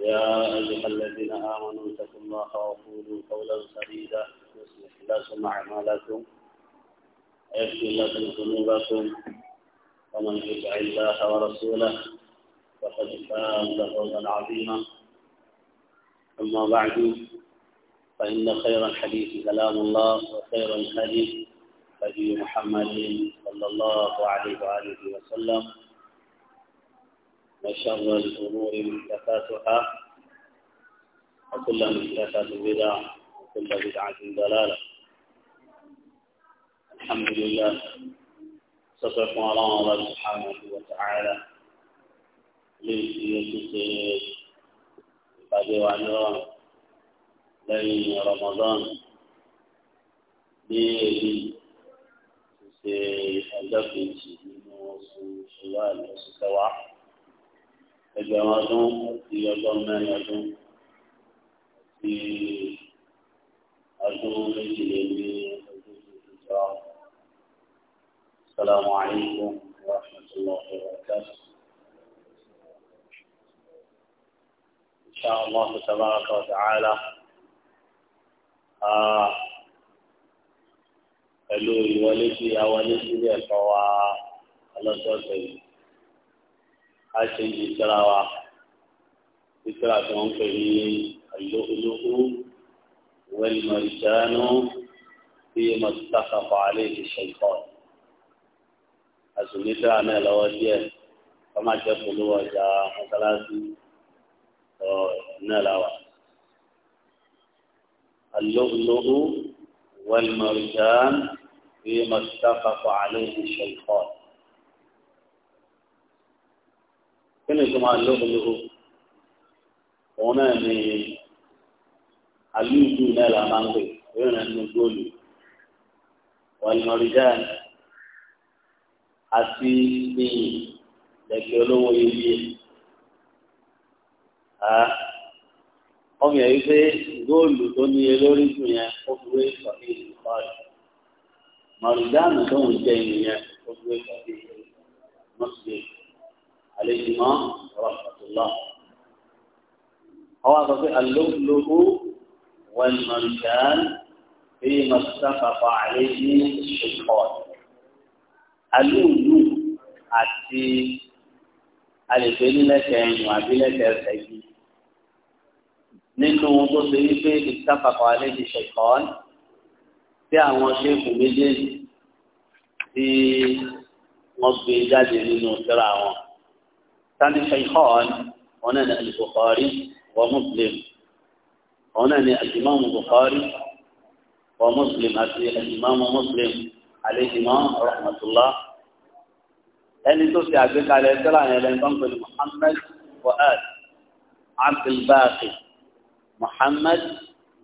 يا أيها الذين آمنوا اتقوا الله وقولوا قولا سديدا يصلح لكم أعمالكم ويغفر لكم ذنوبكم ومن يطع الله ورسوله فقد فاز فوزا عظيما أما بعد فإن خير الحديث كلام الله وخير الحديث نبي محمد صلى الله عليه وآله وسلم وشر الأمور محدثاتها وكل محدثات بدعة وكل بدعة ضلالة الحمد لله صدق على الله سبحانه وتعالى للسياسة بعد وعلى لين رمضان لين سيحدث من وصول شوال وصول ẹgbẹ̀rún ọdún àti ọdún mẹ́rin ọdún àti ọdún méjìléní ọdún ìjọ. السلام عليكم ورحمة الله وبركاته إن شاء الله تبارك وتعالى آه pẹ̀lú ìwọlé sí awọlé sílẹ̀ fọwọ́ alọ́sọ̀ọ̀sẹ̀ yìí. a ṣe ìṣẹ́ra wa ìṣẹ́ra tí wọ́n ń pè ní àlòkúlòkú wẹ́lìmọ̀ ìṣẹ́nu bí mọ̀tàkàfà alẹ́ ìṣẹ̀kọ́ àṣùnì ìṣẹ́ra náà lọ́wọ́ díẹ̀ kọ́má jẹ́ polówó ọjà mọ́sálásí náà láwà. اللؤلؤ والمرجان فيما اتفق عليه الشيخان kí ni tó máa lóhùnlóhù òun náà ni àlùjù náà la máa ń pè òun náà ni góòlù wàlúmọ̀rìjà àti níyì lẹ́kẹ̀ olówó iye ọmọ yẹn pé góòlù tó níye lórí jù yẹn ó fi wé sọ̀rọ̀ ìlú kọ́ọ̀lù mọ̀rìjà àmì tó ń jẹ ìyẹn ó fi wé sọ̀rọ̀ ìlú mọ́sílẹ̀ àlejòmọ́ rahmatullah. àwọn àgbà pé alóòlógó wọn máa ń kàn bí màsàkàfà àlejò ṣùkọ́. alóòlù àti alèpé nílẹ̀kẹ̀ ẹ̀yìn àbí lẹ́kẹ̀ ẹ̀sẹ̀ yìí nínú tó ṣe wípé ìtàpàpọ̀ àlejò ṣẹ̀kọ́ tí àwọn ṣéèkù méjèèjì tí wọ́n gbé jáde nínú ìṣẹ́ra wọn. كان شيخان هنا البخاري ومسلم هنا الإمام البخاري ومسلم الإمام مسلم عليه عليهما رحمة الله أن توسع بك على السلام إلى أن محمد وآد عبد الباقي محمد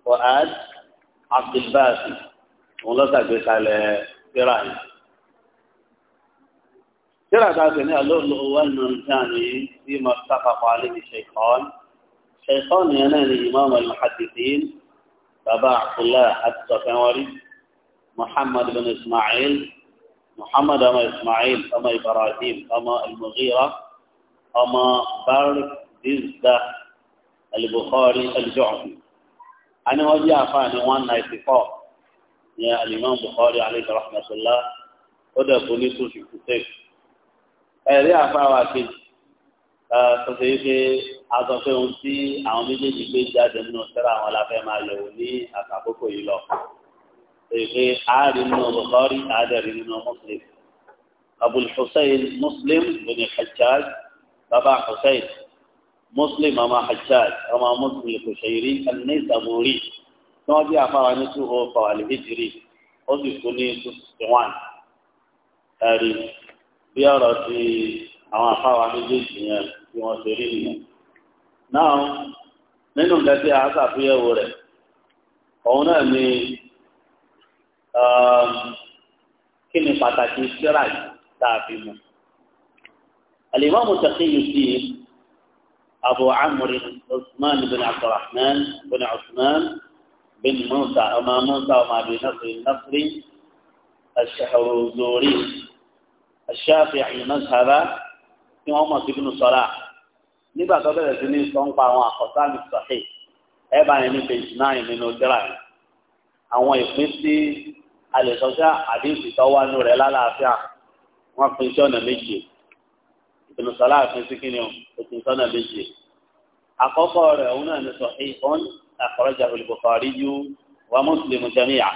وآد عبد الباقي ولا بك على إبراهيم كما تعرفين اللؤلؤ والمرجان فيما اتفق عليه الشيخان الشيخان ينال إمام المحدثين تبع عبد الله السفواري محمد بن إسماعيل محمد أما إسماعيل أما إبراهيم أما المغيرة أما بارك دزدة البخاري الجعفي أنا وجه أفاني 194 يا الإمام بخاري عليه رحمة الله ودى بنيتو في كتاب ẹ̀rí àfáwà kejì tọ́sẹ̀ yìí pé a sọ pé ohun tí àwọn méjèèjì gbé jáde nínú sẹ́ra àwọn aláfẹ́ máa yẹ̀wò ní àkàkókò yìí lọ. èyí pé àárín nínú Bukhari àádẹ́rin nínú Muslim Abul Hussein Muslim bin Hajjaj baba Hussein Muslim ọmọ Hajjaj ọmọ Muslim Kushairi an-Nisaburi tí wọ́n bí àfáwà ní two oh four al-Hijri ó sì kú ní two sixty one bí ọ̀rọ̀ ti àwọn afáwa méjèèjì yẹn tí wọ́n ṣe rí nìyẹn. náà nínú nǹkan tí a ṣàfihàn rẹ̀ òun náà ni um, kí ni pàtàkì síra yìí tá a fi mú. alimami Taqiyuddin abu amri usman bin abdulrahman bin usman bin musa ọmọ musa ọmọ abi nasri nasri ash-Shahruzuri. Ash-Shafi'i mazhaba tí wọ́n mọ̀ sí ibùdó sọ́ra nígbà tó bẹ̀rẹ̀ sí ní sọ ń pa àwọn àkọ́tà ní sahih ẹ bá yẹn ní page nine nínú jẹ́ra yẹn àwọn ìpín sí alẹ́sọ̀ṣá àdéhùn ìtọ́wánú rẹ̀ lálàáfíà wọ́n pín sí ọ̀nà méje ibùdó sọ́ra pín sí kíni o pín sí ọ̀nà méje àkọ́kọ́ rẹ̀ òun náà ní sahihun akhrajahu al-Bukhari wa Muslim jami'a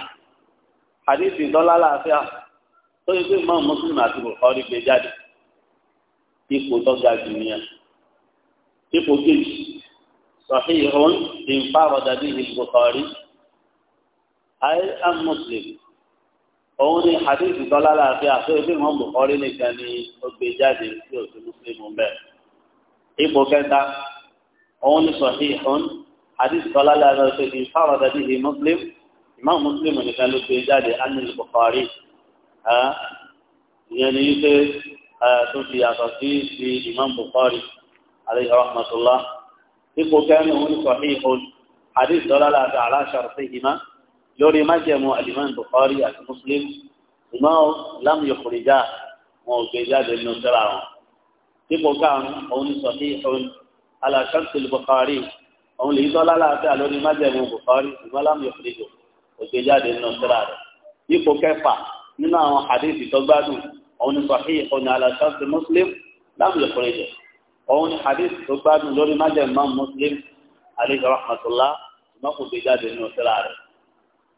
àdéhùn ìtọ́lá lálàáfíà tó yẹ pé mọ́ọ̀ mùsùlùmí àti bùkọ́rí gbé jáde ipò tó ga jù nìyẹn ipò kejì sọ̀hí ìhún ìfáwọ̀dà bí ìbùkọ́rí ayé am mùsùlùmí òun ni hadith tọ́lá láàfin àfẹ́wé bí mọ́ọ̀ bùkọ́rí nìkan ni ó gbé jáde tí ò sí mùsùlùmí bẹ́ẹ̀ ipò kẹta òun ni sọ̀hí ìhún hadith tọ́lá láàfin àfẹ́wé bí ìfáwọ̀dà bí ìmùsùlùmí ìmáà mùsùlùmí nìkan ló gbé jáde ánìlì bùkọ́rí ìyẹn ni wípé tó fi yàtọ̀ sí ti Imam Bukhari alayhi rahmatullah ipò kẹ́rin òun ní sọ̀hí ìhòòlù hadith dọ́là láti aláṣàròsí ìmá lórí májẹ̀mú alimami Bukhari àti Muslim ìmọ̀ lam yukhrijah wọn ò gbé jáde nínú sẹ́ra wọn. ipò kẹ́rin òun ní sọ̀hí ìhòòlù aláṣàròsí Bukhari òun lè dọ́là láti lórí májẹ̀mú Bukhari ìmọ̀ lam yukhrijah ò gbé jáde nínú sẹ́ra rẹ̀. ipò kẹfà nínú àwọn hadith tó gbádùn òun ni sahih ọ̀nà alasọ́sì muslim lábùlẹ̀ kọ́lẹ́jẹ̀ òun ni hadith tó gbádùn lórí májèmá muslim alayhi rahmatullah ṣùgbọ́n kò gbé jáde nínú síra rẹ̀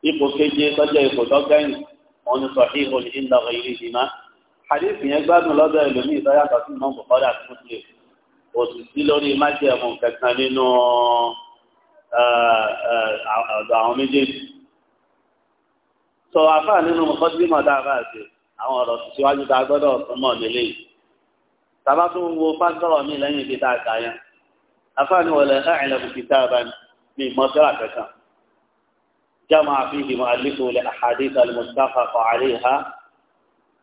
ipò keje tọ́jọ́ ipò tọ́gbẹ́yìn òun ni sahih ọ̀nà ìlà ọ̀yẹ́rì ìdìmá hadith yẹn gbádùn lọ́dọ̀ ẹlòmíì tó yàtọ̀ sí mọ́ bùkọ́dà àti muslim kò sí lórí májèmú kẹsàn-án nínú eh, eh, àwọn méjèèjì sọ àfà nínú mọ̀kọ́sílímọ̀ tá a bá ṣe àwọn ọ̀rọ̀ síwájú tá a gbọ́dọ̀ fún mọ̀ nílé yìí tàbá tó ń wo fásitọ̀rọ̀ mi lẹ́yìn ibi tá a kà yẹn àfà ni wọlé ẹ̀ẹ́lẹ̀ bùkì tá a bá ní mọ́tẹ́rà kankan jáma àfihì mọ́ àlékò lẹ́ àhàdíkà lè mọ̀tàfà kọ̀ àléhà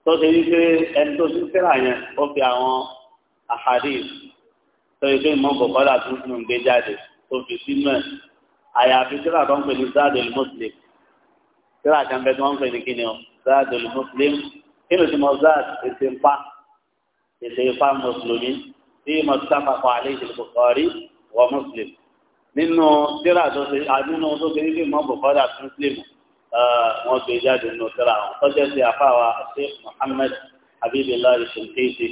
tó ṣe wípé ẹni tó ṣe fẹ́rà yẹn ó fi àwọn àhàdíkà tó ṣe pé mọ́ bọ̀kọ́lá tó tíra kan bẹ tí wọ́n ń pè ní kíni o zaadul muslim kí ló ti mọ zaad ètò ipa ètò ipa mùsùlùmí tí muttafaqun alayhi al-Bukhari wa Muslim nínú tíra tó ṣe àdínú tó ṣe níbi mọ́ Bukhari àti Muslim wọ́n gbé jáde nínú tíra wọn tọ́jú sí àfáwà Sheikh Muhammad Habibullah Shinkiti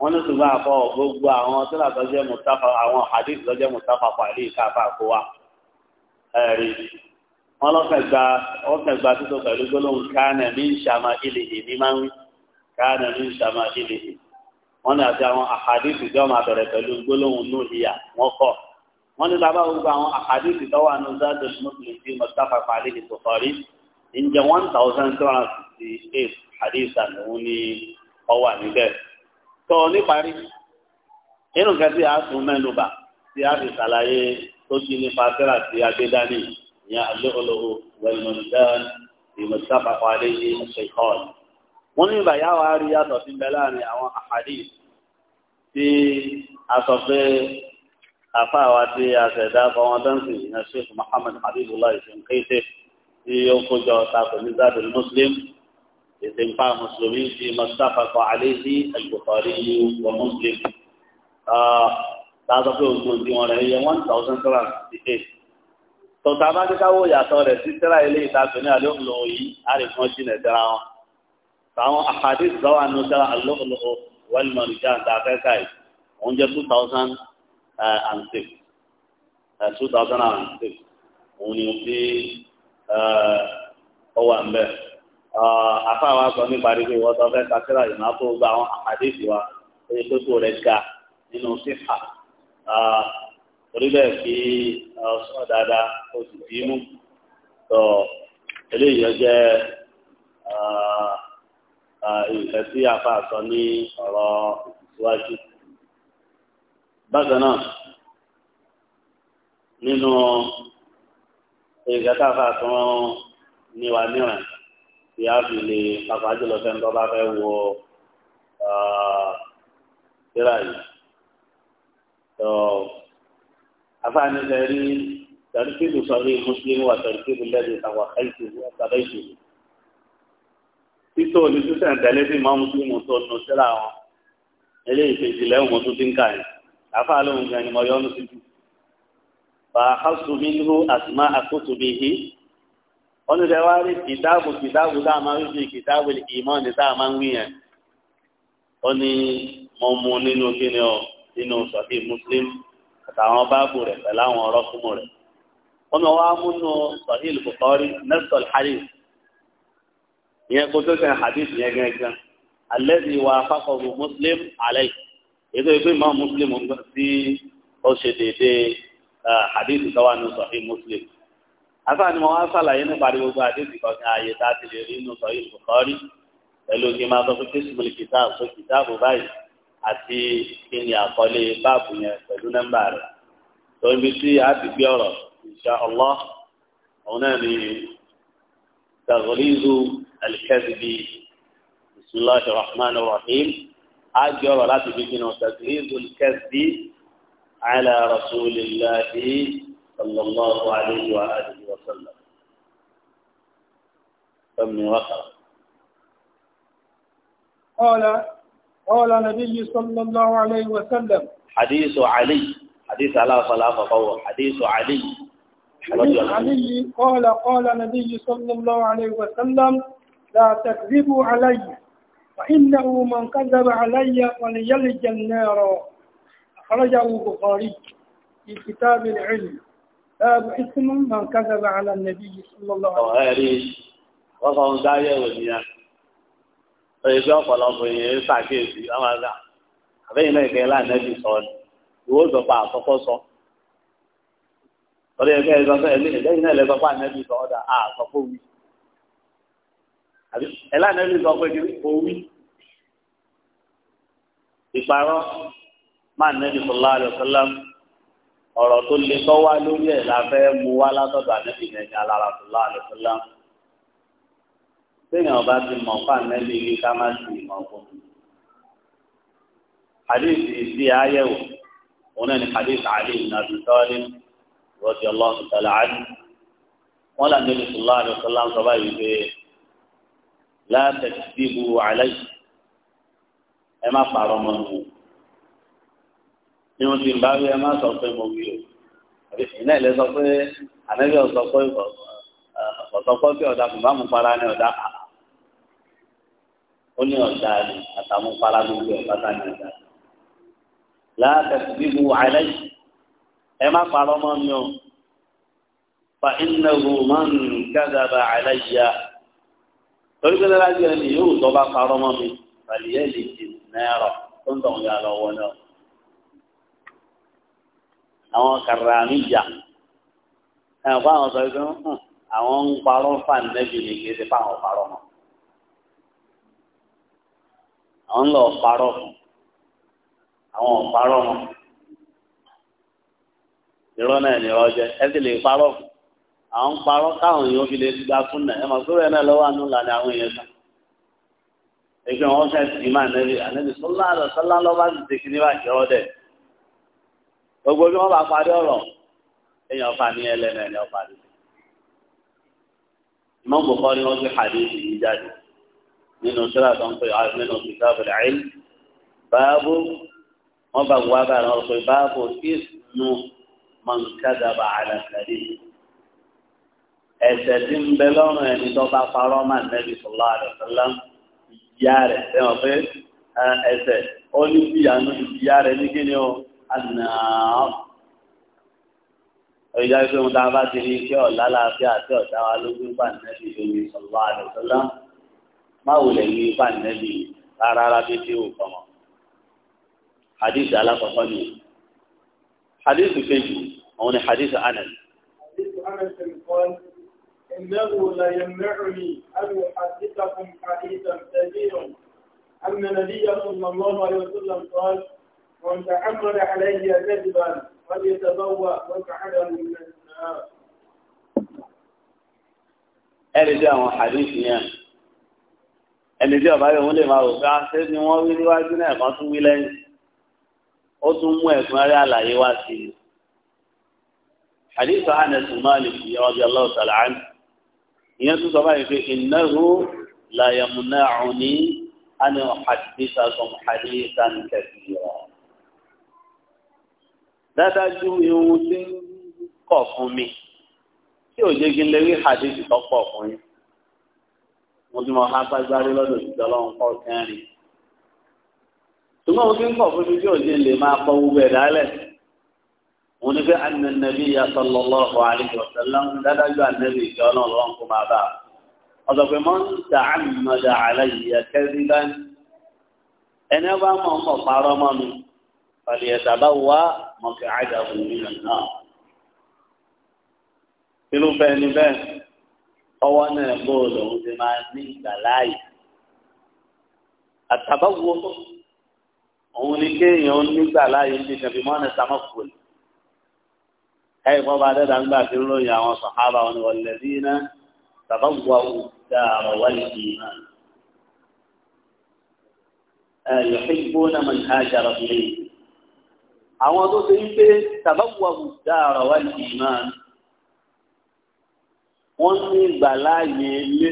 wọ́n ní ṣùgbọ́n àfọ gbogbo àwọn tíra tó jẹ́ muttafaq àwọn hadith wọn lọ́kẹ̀gbà ọ̀kẹ̀gbà títọ́ pẹ̀lú gbólóhùn káànà ní ìṣàmà ìlèyè ní máa ń wí káànà ní ìṣàmà ìlèyè wọn ní àti àwọn àhàdìsì tí wọn máa bẹ̀rẹ̀ pẹ̀lú gbólóhùn nù ìyà wọn kọ̀ wọn ní bàbá gbogbo àwọn àhàdìsì tó wà ní zádùn muslim tí mustapha fàlẹ́ ní bukhari ǹjẹ́ one thousand two hundred sixty eight àdìsà lòun ní ọwà níbẹ̀ tó níparí inú kẹsì يعلغله والملدان بما اتفق عليه الشيخان wọ́n ní ìbàyá wa rí yàtọ̀ sí bẹ láàrin àwọn àhàdìs tí a sọ pé àfa wa tí a ṣẹ̀dá fọwọ́n dánsì ìyẹn sheikh muhammad habibullah ìṣẹ̀ǹkéṣe tí ó kójọ takò ní zadul muslim ìṣẹ̀ǹpá mùsùlùmí ti mustapha alayhi al-bukhari wa muslim ah, ta sọ pé ogun tí wọ́n rẹ̀ yẹ one thousand seven sixty eight tọ̀tà máa ń káwó yàtọ̀ rẹ̀ sí tẹ́lá ilé ìtàkùn ní alóhùnlò yìí àríkan jìnà tẹ́ra wọn. Àwọn àkàdé ìsọ́wà ní tẹ́lá alóhùnlò wẹ́lmọ̀n ìjà ń ta afẹ́ká yìí. Òun jẹ́ two thousand and six. Eh, two thousand and six. Òun ni fi ọwà eh, ń bẹ̀. Afá eh, wa sọ nípa rí pé wọ́n tọ́ fẹ́ ta tẹ́lá yìí máa tó gba àwọn àkàdé ìsìwà. Ó yẹ kó rẹ̀ ga nínú sífà torí bẹ́ẹ̀ kí ọ̀sán dáadáa ó sì bí mú tọ eléyìí ọjẹ́ nǹkan tí afa sọ ní ọ̀rọ̀ ìtìsíwájú. bákan náà nínú nǹkan tá a fà tán níwa níwọ̀n tí a fi lè pàpà jùlọ fẹ́ tó bá fẹ́ wo síra yìí àfààní lẹ́rí tẹ̀ríkìlù sọ̀rí mùsùlùmí wà tẹ̀ríkìlù lẹ́rí àwọn àkàìsì àtàlẹ́sì. títò ní sísẹ̀ tẹ̀lé sí máa mùsùlùmí tó nù síra wọn eléyìí kejì lẹ́wọ̀n mo tún ti ń kà yẹn àfàà lóhùn gan ni mo yọ́nu sí jù. fàáhásù mi ní àtúmá àkótó mi hí wọ́n ti wá rí kìtáàbù kìtáàbù tá a máa ń fi kìtáàbù ìmọ̀ọ́nì tá a máa àtàwọn báàbù rẹ̀ pẹ̀lú àwọn ọ̀rọ̀ fúnmu rẹ̀ wọ́n mọ̀ wá múnú sahil bukhari nẹ́sọ̀l hadith ìyẹn kó tó kẹ́ hadith yẹn gẹ́gẹ́ alẹ́sì wa fákọ̀ọ̀bù muslim alẹ́ ètò ìpín mọ́ muslim sí ó ṣe dédé hadith tó wà nù sahil muslim afa ni mo wá sàlàyé nípa gbogbo hadith kọ̀ọ̀kan ààyè tá a ti lè rí nù sahil bukhari pẹ̀lú kí n máa sọ fún kí sùmùlì kìtàbù báyìí àti kí ni àkọlé báàbù yẹn pẹ̀lú nọ́mbà rẹ̀ tó ibi tí a ti gbé ọ̀rọ̀ insha Allah òun náà ni tagrizu alikẹ́sìbì bisimilahi rahman rahim a gbé ọ̀rọ̀ láti fi kí ni tagrizu alikẹ́sìbì ala rasulillahi sallallahu alayhi wa alihi wa sallam. Tọ́mi قال نبي صلى الله عليه وسلم حديث علي حديث على صلاة فهو حديث علي حديث علي قال قال نبي صلى الله عليه وسلم لا تكذبوا علي فإنه من كذب علي فليلج النار أخرجه البخاري في كتاب العلم باب اسم من كذب على النبي صلى الله عليه وسلم. oye bí ọ̀pọ̀lọpọ̀ yìí ṣàkíyèsí àwọn àgbà àbẹ́yìn náà ìkẹyìn láàánẹ́bí sọ ni ìwọ sọ pa àkọ́kọ́ sọ ọdún ẹgbẹ́ ẹgbẹ́ sọ ẹ̀mí ẹ̀lẹ́yìn náà lẹ́gbẹ́ pa ànẹ́bí sọ ọ̀dà àkọ́kọ́ wí ẹ̀láàánẹ́bí sọ pé kiri kò wí ìparọ́ máa nẹ́bí sọlá àlùsọlá ọ̀rọ̀ tó le tọ́wá lórí ẹ̀ la fẹ́ mu wá látọ̀dọ̀ ànẹ́bí nẹ́jà alára sọlá àlùsọlá téèyàn bá ti mọ̀ fún ànẹ́bí ní ká má sì mọ̀ fún un. Àdéhìí sí ayẹ̀wò òun náà ni àdéhìí àlè ìnàbí tọ́lé rọ́jì ọlọ́run tẹ̀lé àdé. Wọ́n là níbi sùlá àdé sọ́lá ń sọ báyìí pé látẹ̀sí bíbu àlẹ́ yìí ẹ má pààrọ̀ mọ́ mi. Ní wọ́n ti bá wí ẹ má sọ pé mo wí o. Ìná ìlẹ̀ sọ pé ànẹ́bí ọ̀sọ́ pé ọ̀sọ́ pé ọ̀dà kò bá mu para ni ọ̀dà kà ó ní ọ̀dà rẹ̀ àtàwọn faragbogbo ẹ̀ bàtà ní ọ̀dà rẹ̀. láàtẹ̀sí bíbu àìlẹ́ ẹ má parọ́ mọ́ mi o fa innahu man kadaba alayya torí pé lára jẹ́ ẹni yóò tọ́ bá parọ́ mọ́ mi fàlìyẹ́ lè ti náírà tó ń tọ̀hún yà lọ́wọ́ náà. àwọn kàràmì jà ẹ̀ fún àwọn sọ pé hmm, àwọn ń parọ́ fà nẹ́bì ní kí ẹ ti fà àwọn parọ́ mọ́. àwọn ń lọ parọ́ àwọn ọ̀parọ́ wọn irọ́ náà ni ọjọ́ ẹ sì lè parọ́ àwọn ń parọ́ káwọn èèyàn fi lè gba fún náà ẹ mọ̀ náà lọ́wọ́ àánú àwọn èèyàn kan wọn fẹ́ sì máa nẹ́bí ànẹ́bí sọ́lá sọ́lá lọ́wọ́ bá sì ti gbogbo bí wọ́n bá parí ọ̀rọ̀ èèyàn fa ní ìmọ̀ ni wọ́n fi nínú sọ́ra tó ń pè á nínú kíkà bẹ̀rẹ̀ àìl báàbò wọn bá wà bá àwọn ọ̀pẹ báàbò kí nù mọ̀nkádàbà àlàkàdé ẹ̀ṣẹ̀ tí ń bẹ lọ́rùn ẹni tó bá parọ́ máa nẹ́bi sọ̀lá àdàkọ́lá ìyá rẹ̀ sẹ́wọ̀n pé ẹ̀ṣẹ̀ ó ní ìyànú ìyá rẹ̀ ní kíni o ànàá ìyá ìfẹ́ wọn tá a bá ti rí iṣẹ́ ọ̀la láàfin àti ọ̀dá wa lójú bá nẹ́bi lórí sọ̀lá àdàkọ́lá. máwo lè ní ipa nẹ́bí rárá rábí tí ò kọ́mọ. hadith alákọ̀ọ́kọ́ ni hadith kejì òun ni hadith anas. hadith anas ń kọ́ إنه لا يمنعني أن أحدثكم حديثا كثيرا أن نبي صلى الله عليه وسلم قال من تعمد علي كذبا فليتبوأ وقعده من النار. أرجع حديثنا يعني ẹni tí ọba yòówù lè máa rò pé àṣẹ ah, ni wọ́n wí níwájú náà kan tún wí lẹ́yìn ó tún mú ẹ̀kúnrẹ́rẹ́ àlàyé wá sí i. àdìsọ Anas Malik radiyallahu ta'ala anhu ìyẹn tún sọ báyìí pé innahu la yamna'uni an uhaddithakum hadithan kathira. dádájú ihun tí ń kọ̀ fún mi tí ò jẹ́ kí n lè rí hadith tó pọ̀ fún yín mo ti mọ agbágbáré lọ́dọ̀ ìjọ lọ́wọ́ kọ́ kẹrin. ṣùgbọ́n mo ti ń kọ̀ fún mi bí òjì lè máa kọ́ wúwo ẹ̀ dálẹ̀. mo ní pé anànàbí sallallahu alaihi wasallam dádájú ànàbí ìjọ náà lọ́wọ́ kó máa bá a. ọ̀sọ̀ pé mọ́ ń ta àmàdà àlàyé kẹ́rí báyìí. ẹni bá mọ̀ mọ̀ parọ́ mọ́ mi pàdé ẹ̀sà bá wá mọ̀ kí àjà fún mi nà náà. irúfẹ́ ni bẹ́ẹ̀ ọwọ́ náà bó lòun ti máa ní ìgbà láàyè àtàbáwo òun ni kéèyàn nígbà láàyè ní ìkànnì mọ́nà sàmọ́kùnrin ẹ̀yìn kọ́ bá dẹ́dà ńgbà tí ń lóyìn àwọn sàhábà wọn wọ̀lẹ́bí náà tàbáwo dáàrọ̀ wáyé kìí náà. يحبون من هاجر إليه àwọn tó ṣe ń pé tàbáwàwù dára wà ní ìmáà wọ́n ní ìgbàláàyè ilé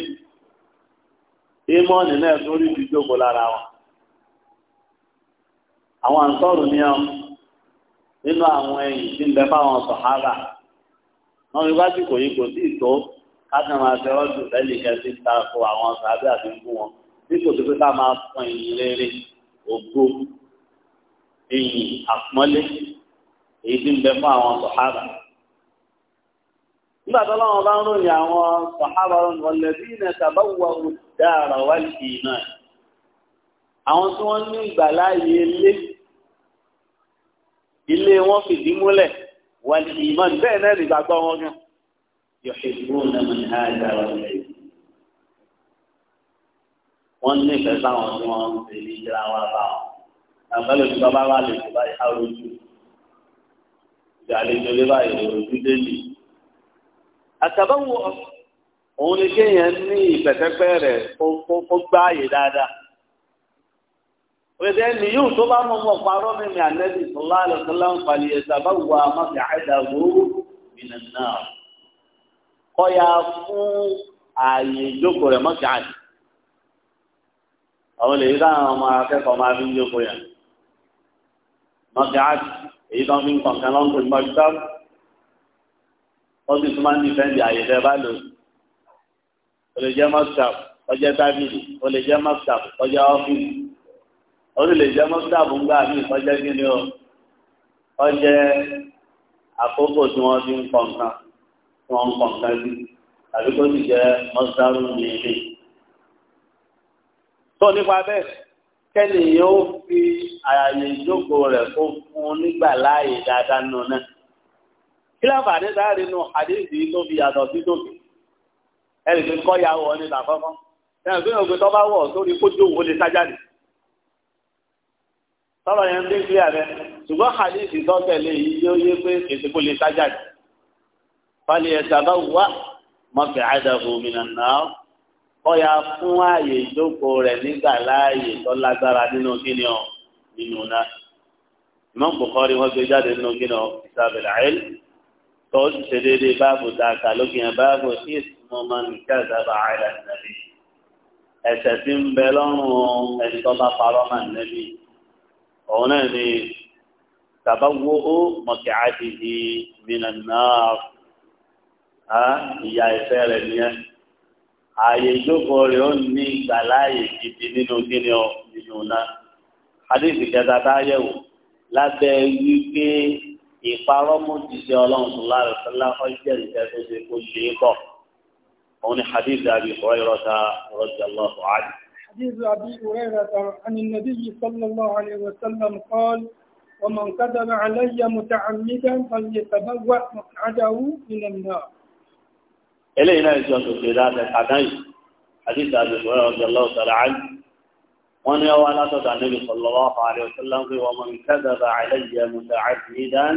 ìmọ̀ọ́nì náà tó rí ìdíjókòó lára wọn àwọn àǹsọ́rù ni ọ́n nínú àwọn ẹ̀yìn tí ń bẹ fáwọn sọ̀hárà wọn rí wájú kò yí kò sí ìtó káàkiri máa fẹ́ ọ́dù lẹ́yìn kẹsí ta fún àwọn sàbẹ́ àti ń wọn bí kò sí ká máa fún ìyìn rere ògo ìyìn àpọ́nlé èyí tí ń bẹ fún àwọn sọ̀hárà nígbà tó lọ́wọ́ bá ń ròyìn àwọn sàhábà wọlẹ̀bí iná tàbáwọ̀ dára wá sí náà àwọn tí wọ́n ní ìgbàláyé ilé ilé wọn fìdí múlẹ̀ wà ní ìmọ̀ bẹ́ẹ̀ náà nígbàgbọ́ wọn gan yọ̀ṣẹ̀dúró náà ní àjà wà ní wọ́n ní ìfẹ́ sáwọn tí wọ́n ń ṣe ní ìjìlá wa bá wọn àgbẹ̀lẹ̀ tí bàbá wa lè ṣe báyìí á ìgbàlejò lé báyìí rojú àtàbáwò òun ni kéèyàn ní ìpẹ̀tẹ́pẹ́ rẹ̀ kó gbá ààyè dáadáa òṣèlú ẹni yóò tó bá mọ̀ mọ̀ parọ́ mímì ànẹ́bí sọlá àlọ́sọlá ń falẹ̀ ẹ̀sàbáwò àmọ́fẹ́ àìdàgbò mìíràn náà kọ́ya fún ààyè ìjókòó rẹ̀ mọ́kì àdì àwọn lè dá àwọn ọmọ akẹ́kọ̀ọ́ máa fi ń jókòó yẹn mọ́kì àdì èyí tó fi ń kọ̀ǹkan lọ́nkùn mọ́kì àdì wọ́n sì tún máa ń dìfẹ́ǹdì àyè fẹ́ bá lò ó lè jẹ́ mọ́sítàpù ọjọ́ tábìlì ó lè jẹ́ mọ́sítàpù ọjọ́ ọ́fíìsì ó sì lè jẹ́ mọ́sítàpù ńgbà míì ọjọ́ kíni o ọjọ́ àkókò tí wọ́n ti ń pọ̀ nǹkan tí wọ́n ń pọ̀ nǹkan sí tàbí tó sì jẹ́ mọ́sítàpù ní ilé. tó nípa bẹ́ẹ̀ kẹ́ni yóò fi àyè ìjókòó rẹ̀ kó fún un nígbà láàyè dáadáa nù náà kílàfà ní sáré nu àdéhìí tó fi yàtọ̀ sí tòkè ẹnì tó kọ́ ya wọ ní tàkọ́kọ́ ẹnì tó yàn pé tọ́ bá wọ̀ sórí kójú òwò lè sájáde tọ́lọ̀ yẹn ń dé kílíà rẹ ṣùgbọ́n àdéhìí tó tẹ̀lé yìí yóò yé pé èsì kò lè sájáde fali ẹ̀sà bá wà mọ̀fẹ́ àdàbò mìíràn náà kọ́ ya fún ààyè ìjókòó rẹ̀ nígbà láàyè tó lágbára nínú kíni ọ nínú náà Imam Bukhari wọ́n gbé jáde nínú kíni ọ ìsàbẹ̀lẹ̀ àìlú tó ń ṣe déédéé báàbò dáka lókè yẹn báàbò sí ìsúnmọ́ máa ń kẹ́sàbà àìlà nàbí ẹ̀ṣẹ̀ tí ń bẹ lọ́rùn ẹni tó bá parọ́ máa nàbí òun náà ni tàbáwó ó mọ̀kì àdìdì mìíràn náà á ìyá ìfẹ́ rẹ̀ nìyẹn ààyè ìjókòó rẹ̀ ó ní ìgbàláyè gidi nínú kíni ọ nínú náà adéṣìkẹta tá a yẹ̀wò lábẹ́ wípé ìparọ́ mú jíjẹ ọlọ́run tó lára sọlá ọjọ́ ìjẹ́ tó ṣe kó ṣe é kọ́ òun ni hadith abi hurairata radiyallahu anhu. hadith abi hurairata an nabiyyi sallallahu alayhi wa sallam qala wa man kadaba alayya muta'ammidan falyatabawa maq'adahu min an eléyìí náà jọ tó ṣe dáadáa kàdáyì hadith abi hurairata radiyallahu ta'ala anhu wọ́n ní ọwọ́ alátọ́dọ̀ ànábì sallallahu alaihi wasallam pé wa man kadhaba alayya muta'ammidan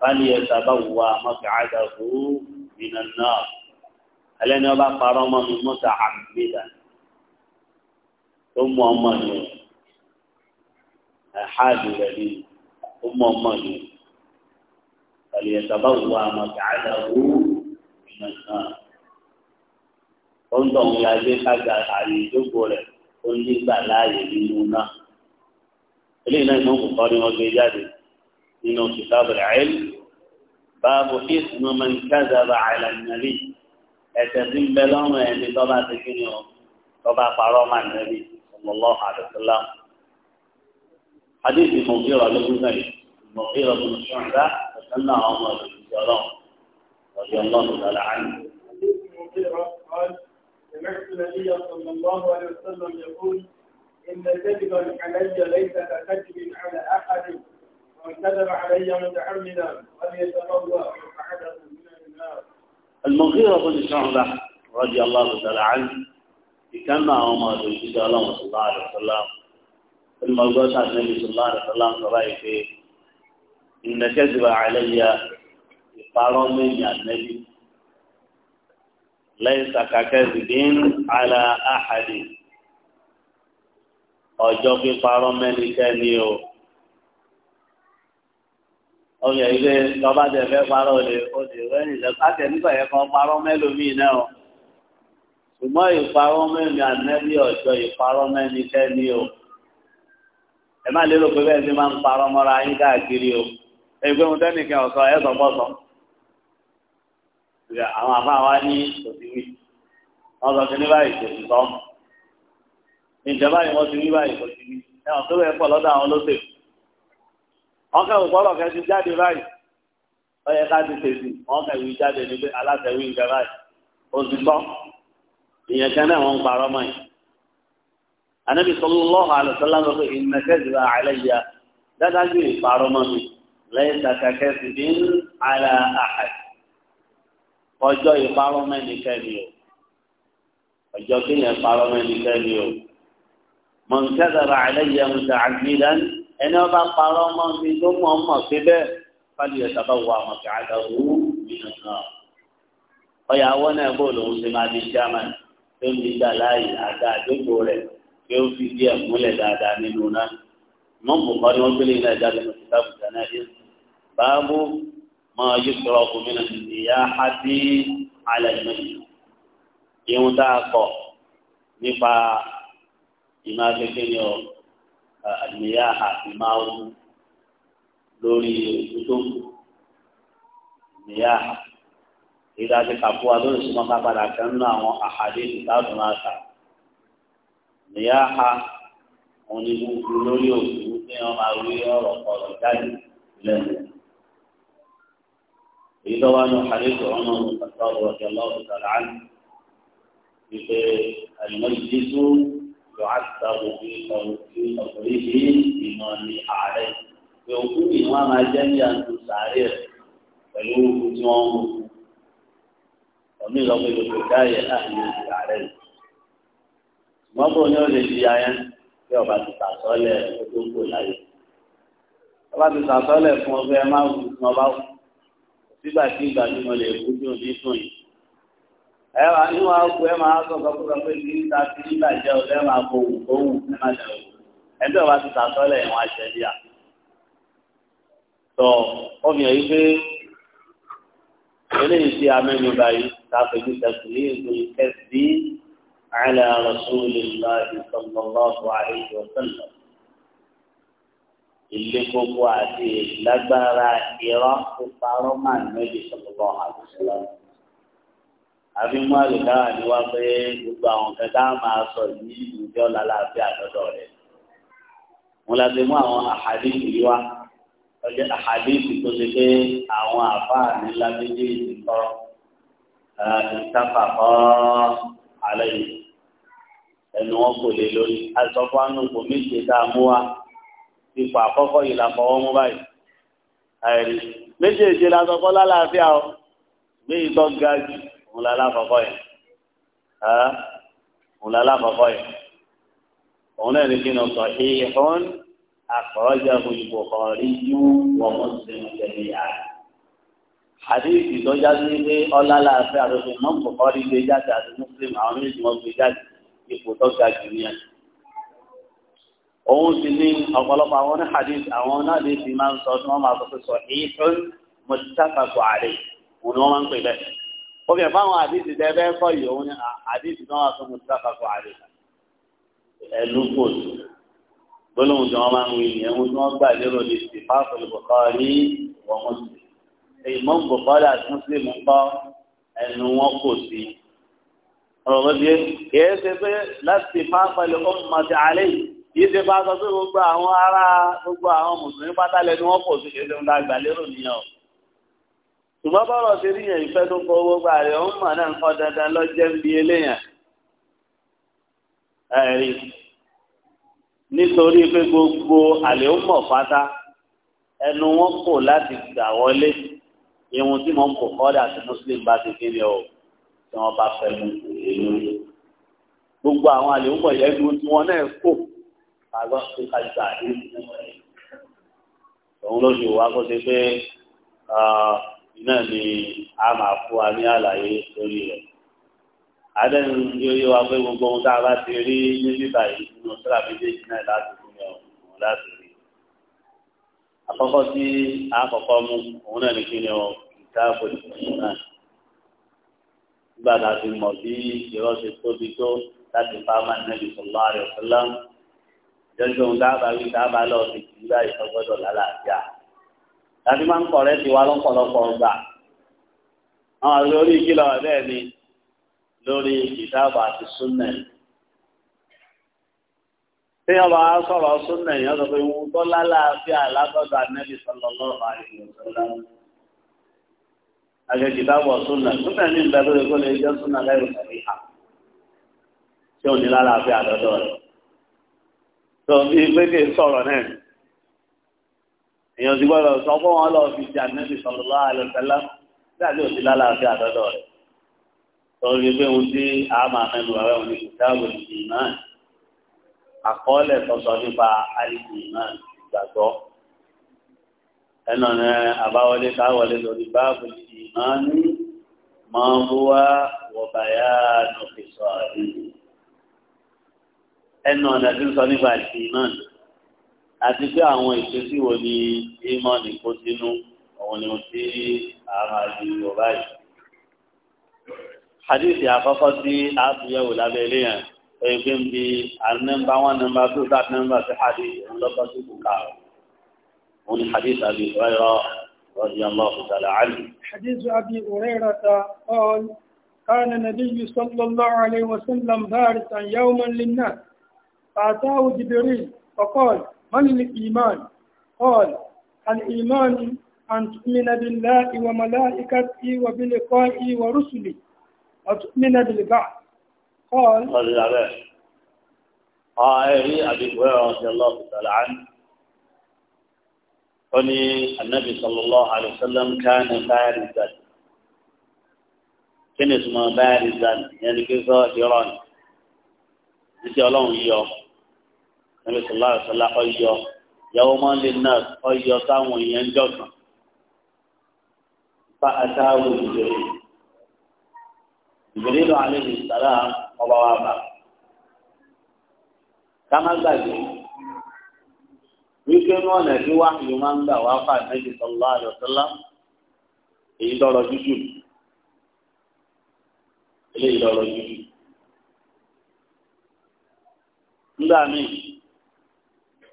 falyatabawwa maq'adahu minan nar ẹlẹ́ni ọba parọ́ ọmọ mi muta'ammidan tó mú ọmọ mi ẹ̀háàdù rẹ̀ ni ó mú ọmọ mi falyatabawwa maq'adahu minan nar ó ń tọ̀ ń yá ó nígbà láàyè nínú náà eléyìí náà ìmọ̀ kọ́ ni wọ́n gbé jáde nínú kìtàbù ẹ̀ẹ́l báàbù ìsúná máa ń kázàbà àlànàlì ẹ̀sẹ̀ tí ń bẹ lọ́rùn ẹni tọ́ba ti kí ni ọ tọ́ba parọ́ máa nàlì sallallahu alaihi wasallam. حديث المغيرة بن زيد المغيرة بن شعبة وسمى عمر بن جرام رضي الله تعالى عنه. المغيرة قال سمعت النبي صلى الله عليه وسلم يقول إن كذبا علي ليس ككذب على أحد ومن كذب علي متعمدا فليتبوأ احدا من النار المغيرة بن شعبة رضي الله تعالى عنه كما هو ما تجد الله صلى الله عليه وسلم الموضوع النبي صلى الله عليه وسلم رأيك إن كذب علي يقارن من النبي ليس kàkẹ́sìdín àlà àhàdì ọjọ́ píparọ́ mẹ́nikẹ́ni o. ọyọ ilé lọ́ba tẹ̀ fẹ́ parọ́ lè o lè rẹ́yìn lẹ́kọ́ àtẹ̀ nígbà yẹn kan parọ́ mẹ́lòmíì náà o. ṣùgbọ́n ìparọ́ mẹ́mi ànẹ́bí ọjọ́ ìparọ́ mẹ́nikẹ́ni o. ẹ má lérò pé bẹ́ẹ̀ ni máa ń parọ́ mọ́ra yín káàkiri o. ẹgbẹ́ mu tẹ́nìkan ọ̀sán ẹ̀ sọ́kọ́sọ́ àwọn àbá wa ní òsì wí wọn sọ sí ní báyìí kò sí sọ ìjọba yìí wọn ti wí báyìí kò sí wí ẹwọn tó wẹ pọ̀ lọ́dọ̀ àwọn lọsẹ wọn kẹwù pọlọ kẹ ti jáde báyìí wọn yẹ ká ti tèsì wọn kẹwù jáde ní pé aláṣẹ wí ìjọba báyìí òsì sọ ìyẹn kẹ náà wọn ń parọ́ mọ́ yìí anabi sallallahu alaihi wasallam sọ pé ìnàkẹ́sìlá àlẹ́ yìí dáadáa ju ìparọ́ mọ́ mi lẹ́yìn tàkàkẹ́sì bí ń àlà àhàdì ọjọ́ ìparọ́ mẹ́nikẹ́ni o ọjọ́ kéèyàn parọ́ mẹ́nikẹ́ni o mọ̀nkẹ́dàrà àlẹ́yẹ mùsà àgbìlán ẹni ọba parọ́ mọ́ mi tó mọ̀ ń mọ̀ sí bẹ́ẹ̀ fáli ẹ̀ sábà wà mọ̀ kí àdá wù nínú náà ọyà àwọn náà bò lòun ti máa di chairman tó ń gbígbà láàyè àga àdókò rẹ̀ kí ó fi díẹ̀ múlẹ̀ dáadáa nínú náà mọ̀ mọ̀ ni wọ́n gbélé iná ìjáde mọ̀ máa yí sọ̀rọ̀ gómìnà ìyá hadi alẹ́mẹ́yì ìhun tá a kọ̀ nípa ìmọ̀ akẹ́kẹ́ ni ọ àdìyá àti máa wú lórí òkú tó kù ìyá ìdá ti kàkó wa lórí súnmọ́ ká padà kan nínú àwọn àhàdé ìdáàdùn àṣà ìyá ha òun ni gbogbo lórí òkú ní ọmọ àwọn ọ̀rọ̀ ọ̀rọ̀ jáde lẹ́nu èyí lọ́wọ́ ní hadith ọmọ ọ̀sán ọ̀rọ̀dì ọlọ́run sàlá àná wípé àlùmọ́jìlísù yóò àtàwọn òbí ọ̀rọ̀dì ọ̀rọ̀dì yìí ìmọ̀ ní ààrẹ pé òkú ni wọ́n máa jẹ́ ní àtúntò sàárè rẹ̀ pẹ̀lú òkú tí wọ́n mú ọ̀mí ìlọ́pẹ̀ lóko dáyẹ̀ láàrin ààrẹ rẹ̀ wọ́n ní olè nígbà tí ìgbà tí mo lè kú tí ò ní sùn yìí. ẹ wà ní wàá kú ẹ máa sọ kọkúrọ pé kí níta sí nígbà jẹ ọ lẹ máa kó wù kó wù ẹ má jẹ òwò ẹgbẹ́ wa ti sàtọ́lẹ̀ ìwọ̀n àṣẹlíà. tọ ọmọ yẹn pé eléyìí tí a mẹ́nu báyìí tàbí tẹ̀sí ní ètò ìkẹ́sì على رسول الله صلى الله عليه وسلم ilé gbogbo àti ìlágbára ìrọ́ ìparọ́ máa ń méjì sọ̀tọ̀tọ̀ àdúgbò àbí mọ́lì náà ni wá pé gbogbo àwọn kan tá a máa sọ yìí ìjọ lálàáfíà lọ́dọ̀ rẹ̀ wọn la ti mú àwọn àhàdìsì yìí wá ọjọ́ àhàdìsì tó ṣe pé àwọn àfáà nílá méjèèjì kọ́ ìtafàkọ́ alẹ́ yìí ẹnu wọn kò lè lórí asọ́fọ́nù kò méje tá a mú wá ipò àkọ́kọ́ yìí la fọwọ́ mú báyìí àìrí méjèèjì la sọkọ́ lálàáfíà o bí ìtọ́ ga jù òun la lákọ̀ọ́kọ́ yẹn òun la lákọ̀ọ́kọ́ yẹn òun náà ní kí ni sọ ìhún àkọ́jọ́hu ìbùkọ̀rí yú wọ́n mú sínú tẹ̀lé yá àdéhìí tó jáde pé ọlá láàfin àdókòwò mọ́ bùkọ́rí gbé jáde àti mùsùlùmí àwọn méjì mọ́ gbé jáde ipò tó ga jù nìyẹn òun sì ní ọ̀pọ̀lọpọ̀ àwọn hadith àwọn náà lè fi máa ń sọ tí wọ́n máa sọ pé sọ ìfún mọ̀tàkàtọ̀ àlè òun ni wọ́n máa ń pè bẹ́ẹ̀. ó fi ẹ̀fọ́ àwọn hadith tẹ́ bẹ́ẹ̀ kọ́ yìí òun ni hadith náà wà fún mọ̀tàkàtọ̀ àlè ẹ̀lú kòtù gbólóhùn tí wọ́n máa ń wí ni ẹ̀hún tí wọ́n gbà lérò lè fi fáfọ̀ wọn kò sí ọ̀rọ̀ bó yìí ṣe bá sọ pé gbogbo àwọn ará gbogbo àwọn mùsùlùmí pátá lẹnu wọn pọ̀ sí kéde ńlá gbàlérò nìyẹn o ṣùgbọ́n bọ́rọ̀ ṣe rí yẹn ìfẹ́ tó kọ owó gbà rẹ̀ ó ń mọ̀ náà nǹkan dandan lọ́jẹ́ ń bi eléyàn ẹ̀rí nítorí pé gbogbo àlè ó mọ̀ pátá ẹnu wọn kò láti gbà wọlé ìwọ̀n tí wọ́n kò kọ́ dà sí muslim bá ti kéde o tí wọ́n bá fẹ́ mu èyí gbogbo àwọn àlè ó mọ̀ yẹn àgbà tó kájà àdéhùn òun ló ṣe wá kó ṣe pé iná ni a máa fún wa ní àlàyé lórí rẹ̀ adẹ́nu yóò yé wa pé gbogbo ohun tá a bá ti rí ní bíbá yìí nínú sílá méjèèjì náà láti fún mi ọ̀hún láti rí àkọ́kọ́ tí a kọ́kọ́ mú òun náà ní kí ni ọ ìdáàbò ìfún náà nígbà tá a ti mọ̀ bí irọ́ ṣe tóbi tó láti bá máa nẹ́bi sọ̀rọ̀ àrẹ̀ ọ̀sán láǹkì jọjọ ń dábàá wí dábàá lọ sí ìdílé ìtọ́gbọ́dọ̀ lálàáfíà tàbí máa ń kọ̀rẹ́ ti wá lọ́pọ̀lọpọ̀ ọgbà àwọn lórí ìkìlọ̀ bẹ́ẹ̀ ni lórí ìdábà àti súnẹ̀ tí wọ́n bá sọ̀rọ̀ súnẹ̀ yẹn sọ pé wọ́n tó lálàáfíà látọ̀dọ̀ anẹ́bí sallallahu alaihi wasallam àgbẹ̀jì dábọ̀ súnà súnà ní ìgbà tó lè kó lè jẹ́ súnà lẹ́rù tàbí hà tí ò ní lálàáfíà lọ́dọ̀ rẹ̀ tó bí pé kì í sọ̀rọ̀ náà ni èèyàn ti gbọ́dọ̀ sọ fún wọn lọ fi jà nẹ́bí sọlọ́lá àlọ́sẹ́lá dájú òsì lálàáfíà àdọ́dọ̀ rẹ̀ torí pé ohun tí a máa mẹ́nu rẹ̀ òun ni kìtàbù ìmáà àkọọ́lẹ̀ sọ̀sọ̀ nípa àìsí ìmáà ìgbàgbọ́ ẹnà ní àbáwọlé káwọlé lórí báàbù ìmáà ní mọ́ búwá wọ̀bàyà nọ́fẹ̀sọ̀ àdéhùn ẹnu ọ̀nà tí ń sọ nípa ìsìn iman àti pé àwọn ìṣesí wo ni iman kó sínú òun ni mo ti àwọn àdìyẹ báyìí. hadith àkọ́kọ́ tí a fi yẹ̀wò lábẹ́ ilé yẹn ẹ̀yìn pé ń bi ànẹ́mbà one number two third number sí hadith òun sí kùkà òun ni hadith àbí ìfọ̀rẹ́rọ رضي الله تعالى عنه حديث أبي هريرة قال كان النبي صلى الله عليه وسلم بارسا يوما للناس فأتاه جبريل فقال من الإيمان قال الإيمان أن تؤمن بالله وملائكته وبلقائه ورسله وتؤمن بالبعث قال قال العباس قال أبي هريرة رضي الله تعالى عنه قال النبي صلى الله عليه وسلم كان بارزا كان اسمه بارزا يعني كيف ظاهرا. Ìṣẹ́ ọlọ́run yìí ọmọ níbi sọlá àṣọlá ọyọ yàwó mọ́lẹ̀ náà ọyọ táwọn èèyàn ń jọ̀kan bá àtàwọn ìbèrè ìbèrè lọ alẹ́ ní sàrà ọba wa bá kámágbàgbé wípé ní ọ̀nà tí wáhìí máa ń gbà wá fà níbi sọlá àṣọlá èyí lọ́rọ̀ jújù eléyìí lọ́rọ̀ jújù. Nígbà míì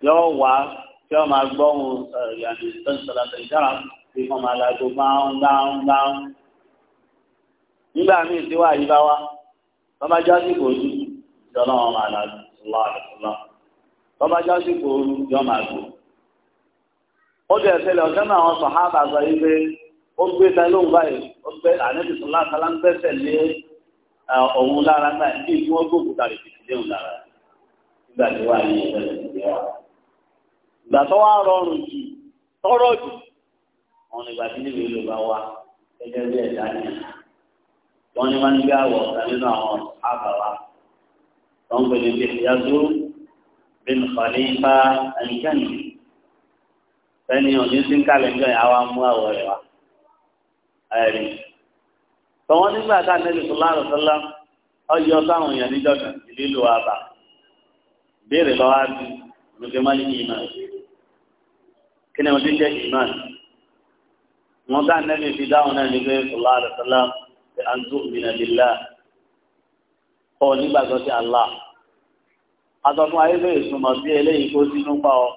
yọ wá tí wọ́n máa gbọ́ ohun ìyànnì sọ́nsọ́lá tẹ̀síọ́ra tí wọ́n máa lago gbáhùn gbáhùn gbáhùn. nígbà míì tí wàá yí bá wá wọ́n bá já sí kòjú ìjọba wọn máa lago lọ àdùsùlọ wọ́n bá já sí kòru yọ máa gbò. ó bẹ̀rẹ̀ sẹ́lẹ̀ ọ̀sẹ̀ náà wọn sọ ha bá sọ yí pé ó gbé ta lóhùn báyìí ó gbé ànẹ́bí sọlá sọlá ń bẹ́sẹ̀ lé òun lára náà kí wọ́n gbógun tàbí fìdíléhùn lára nígbà tí wàá yí ìṣẹ̀lẹ̀ ìgbà tó wá rọrùn jù tọrọ jù wọn ìgbà tí níbi ìlú bá wá gẹ́gẹ́ bí ẹ̀dá ni wọn ni wọn ń gbé àwọ ọ̀sán nínú àwọn àbàwà tó ń pèlè bí ìyájú bí nìfàlẹ́ bá ẹnikẹ́ni fẹ́ni òní sí ń kálẹ̀ ń jọ yà wá mú àwọ̀ rẹ̀ wá ẹ̀rí tọwọ́n nígbà tá nẹ́bí sallallahu alaihi wasallam ọyọ táwọn èèyàn níjọ́ kan ìlú àbà béèrè lọ́wọ́ á bí lókè má ní kí n máa ṣe kí ni wọ́n ti jẹ́ iman wọn bá nẹ́bí fi dáhùn náà ní pé sallallahu alaihi wasallam pé à ń tó min billah ọ nígbàgbọ́ sí Allah àtọ̀fún ayé lè súnmọ́ sí eléyìí kó sínú pa ọ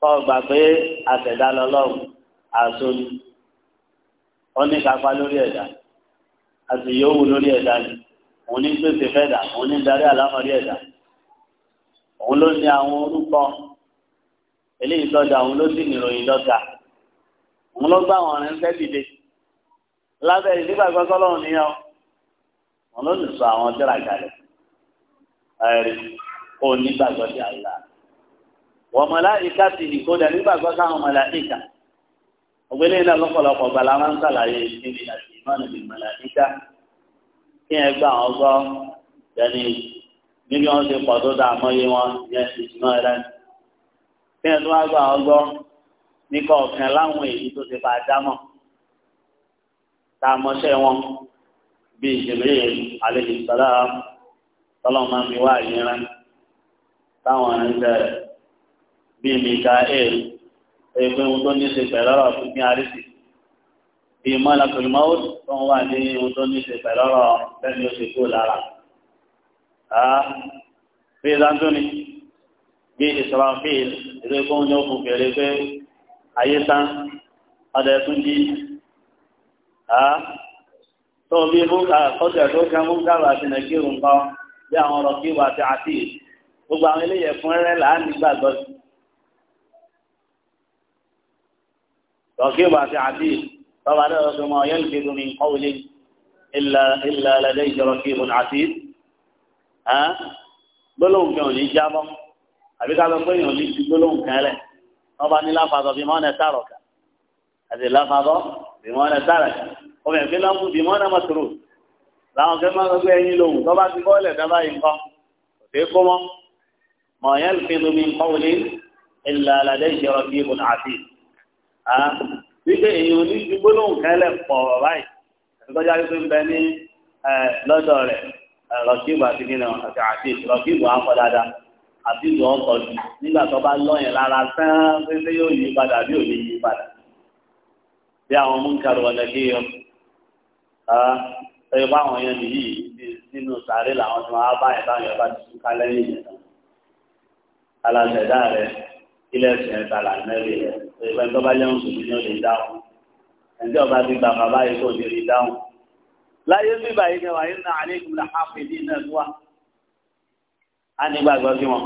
kọ́ gbà pé àtẹ̀dá lọ́lọ́run àsọni ọní kápá lórí ẹ̀dá àti yòówù lórí ẹ̀dá ni òun ní pèsè fẹ́dà òun ní darí àlámọ̀rí ẹ̀dá òun ló ní àwọn orúkọ eléyìí lọ́dà òun ló sì níròyìn lọ́dà òun ló gbà àwọn ọ̀rẹ́ ńfẹ́ dìde lábẹ́ ìdígbàgbọ́ sọ́lọ́run nìyẹn òun ló sì sọ àwọn tírà kalẹ̀ ẹ̀rí kó nígbàgbọ́ sí àlá wọ́n màláíkà ti nìkó dẹ̀ nígbàgbọ́ sáwọn màláíkà ògbélé náà lọ́pọ̀lọpọ̀ gbala máa ń sàlàyé níbi àti ìmánu bíi màláíkà kí ẹ gbà wọn gbọ́ yẹni níbi wọn ti pọ̀ tó dáa mọ́yé wọn yẹn ìsúná ẹlẹ́ni kí ẹ tó wá gba ọgbọ́ ní kọ̀ọ̀kan láwọn èyí tó ti bá dámọ̀ tá a mọṣẹ́ wọn bíi Jibril alayhi salam tọ́lọ́mọ máa ń fi wá ìyẹn táwọn ń tẹ̀rẹ̀ bíi Mikael ẹgbẹ́ ohun tó ní ṣe pẹ̀lú ọ̀rọ̀ fífi àrísì bíi Malakul Maut tó ń wà ní ohun tó ní ṣe pẹ̀lú ọ̀rọ̀ bẹ́ẹ̀ ni ó ṣe kú lára. Bí ìdájọ́ ni bí Israfil ìdè kó ń yọ fún fèrè pé ayé tán ọdẹ tún jí tó bí múkà kọjá tó kẹ múkà rà sí nàìjíríà ń bọ bí àwọn ọ̀rọ̀ kí wà sí àti gbogbo àwọn eléyẹ fún rẹ là á nígbàgbọ́ sí. رقيب عتيد طبعا ما يلفظ من قول إلا إلا لديه رقيب عتيد ها بلوم كوني جابه àbí ká lọ pé èèyàn ní ti gbólóhùn kan lẹ̀ wọ́n bá ní láfàdọ̀ bí mọ́nẹ sàrọ̀ kan àti láfàdọ̀ bí mọ́nẹ sàrẹ̀ ọmọ ẹ̀fín lọ́mú bí mọ́nẹ mọ́tòrò làwọn kẹ́ máa ń gbé ẹyin lòun tó bá ti bọ́ọ̀lẹ̀ dábàá yìí nǹkan kò sí kó mọ́ mọ̀ ọ̀yẹ́ ń fi lómi nǹkan wọlé ìlà àlàdé ìṣẹ̀rọ̀ bí ibùdó àti wípé èèyàn ní ti gbólóhùn kan lẹ̀ pọ̀ báyìí ìtọ́jú àyíkú ń bẹ ní lọ́dọ̀ rẹ̀ rọ̀kíbù àti àti ìlú ọkọ̀ jù nígbà tó bá lọ́yìn lára sán pépé yóò yí padà bí òní yí padà bí àwọn múnkàrú ọ̀nà kí yọ ẹ̀yọ́ bá àwọn yẹn nìyí nínú sàárè làwọn tí wọ́n á bá ẹ̀bá yẹn bá ti tún ká lẹ́yìn yẹn tán alàṣẹ̀dá rẹ ilẹ̀ ẹ̀sìn ẹ̀ta là mẹ́rin rẹ ẹ̀yọ́ tó bá lẹ́hùn sùn ní ọ̀lẹ́ dáhùn ẹ̀ńtí ọba ti gbà bàbá yìí kò ní rí dáhùn láyé bíbá yìí kẹwàá yìí á ní gbàgbọ́ sí wọn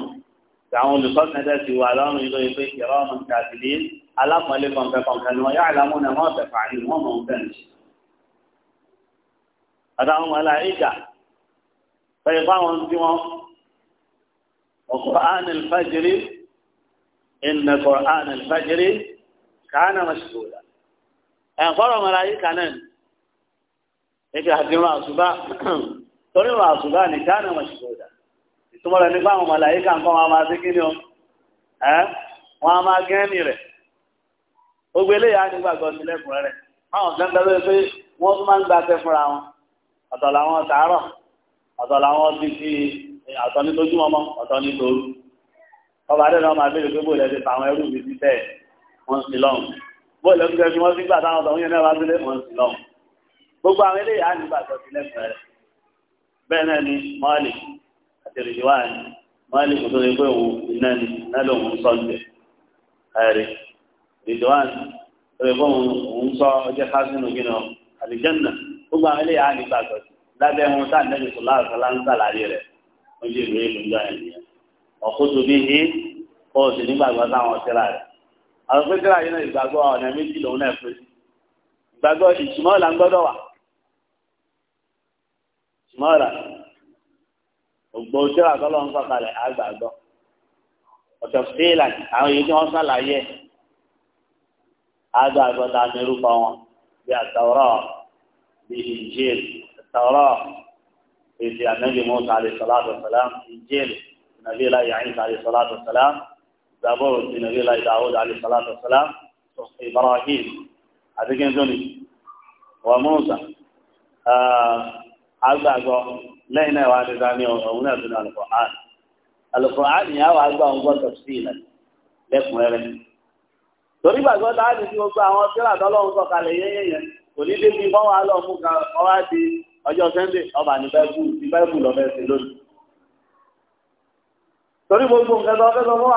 àwọn olùkọ́sẹ̀dẹ̀ ti wà lọ́rùn ilé ìpè ìrọ̀ ọmọ ìtàkìlì alápọ̀nlé kọ̀ǹkẹ́ kọ̀ǹkẹ́ ni wọ́n yá àlámú náà wọ́n fẹ̀ fàáyé wọ́n mọ̀ ń fẹ́ǹsì. àtàwọn ọmọ ẹlẹ́yà ìjà pẹ̀lú fáwọn tí wọ́n وقرآن الفجر إن قرآن الفجر كان مشغولا ẹn fọ̀rọ̀ màláíkà náà ẹgbẹ́ àdínwó àṣùbá torí wà àṣùbá ní kánà mọ̀ṣùgbọ́dà túmọ̀ rẹ̀ nípa àwọn màláyíkà wọn máa ṣe kí ni o wọn a máa gẹ́ẹ̀mì rẹ̀ gbogbo eléyà nígbàgbọ́ sí lẹ́kùnrin rẹ̀ àwọn kan tẹ́lẹ̀ pé wọ́n tún máa ń gbaṣẹ́ fúnra wọn ọ̀tọ̀ làwọn tàárọ̀ ọ̀tọ̀ làwọn ti fi ọ̀tọ̀ ní tójúmọ́mọ́ ọ̀tọ̀ ní tòru ọba adé náà máa béèrè pé bóyá ti fa àwọn ẹrú mi sí bẹ́ẹ̀ wọ́n sì lọ́hùn bóyá ti fi wọ́n sí gbà táwọn ọ̀tọ̀ yẹn náà wá àti rìdíwá ni wọ́n á lè kótó lè pé òun iná ni lálẹ́ òun sọ ń bẹ̀ ẹ̀rí rìdíwá ni ó lè pé òun sọ ọjọ́ kásínù kí ni àlìjẹ́nà gbogbo àwọn eléyà á nígbà gbọ́ lábẹ́ wọn tá àdéhùn sọ láàrín láńsà láàrín rẹ̀ wọ́n jẹ́ ìwé ìgbìyànjú àyẹ̀yẹ ọ̀kótó bí ní kóòtù nígbàgbọ́ táwọn rẹ̀ àwọn pé kíláà yìí náà ìgbàgbọ́ ọ̀nà méjì lòun náà gbogbo ojú àgọ́lọ́ ń sọ̀kalẹ̀ àgbàgbọ́ ọ̀tọ̀ fíìlà àwọn èyí tí wọ́n sàlàyé àgbàgbọ́ ta ní orúkọ wọn bí àtàwọ́rọ́ bí ìjìl àtàwọ́rọ́ èsì ànábì Mùsá àlè sọláàtò sàlám ìjìl nàbí ilá yàín àlè sọláàtò sàlám zabor ti nàbí ilá ìdáwọ́d àlè sọláàtò sàlám Ibrahim àti kí n tó ní wà Mùsá àgbàgbọ́ lẹ́yìn náà wàá dídá ní ọ̀hún náà tún alukur'an alukur'an yẹn àwọn àgbà ń gbọ́ tafsila lẹ́kùnrẹ́rẹ́ torí gbàgbọ́ táwọn ti fi gbogbo àwọn tíra tọ́lọ́hún sọ̀kalẹ̀ yẹ́yẹ́ yẹn kò ní débi bọ́ wàá lọ mú ka ọwá di ọjọ́ sẹ́ńdẹ̀ ọba ní bẹ́ẹ̀kù ní bẹ́ẹ̀kù lọ́fẹ́ sí lónìí torí gbogbo nǹkan tó fẹ́ sọ fún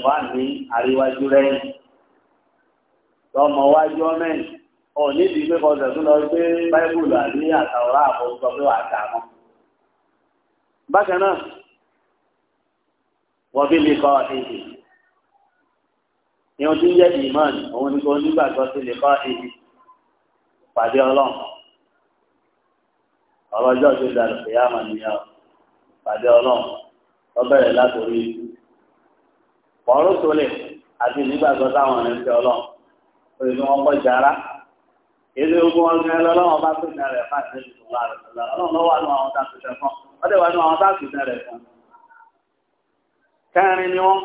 wa ní bẹ́ẹ̀kù lọ́mọ wájú ọmẹ́yìn òní ti gbé kọsẹ̀ tó lọ gbé báíbùlù àbí àtàwọ̀rá àbọ̀sọ pé wàá dà mọ́. bákan náà wọ́n bí mi kọ́ èdè ìhun tí ń jẹ́ ìmọ̀ọ́nì òun ni kò nígbàgbọ́ sí lè kọ́ èdè pàdé ọlọ́run ọlọ́jọ́ tó dàrú pé àmà nìyàwó pàdé ọlọ́run ọbẹ̀rẹ̀ látòrí wọ́n rú sólè àti nígbàgbọ́ sáwọn ẹ̀ńtẹ́ ọlọ́run pẹ̀lú bí wọ́n kọjá ara ogun ọdún ẹ lọ́wọ́ bá pèsè rẹ̀ fún àti ẹ̀sìn ọlọ́run lọ́wọ́ àwọn àwọn táàkì fún kẹrin ni wọn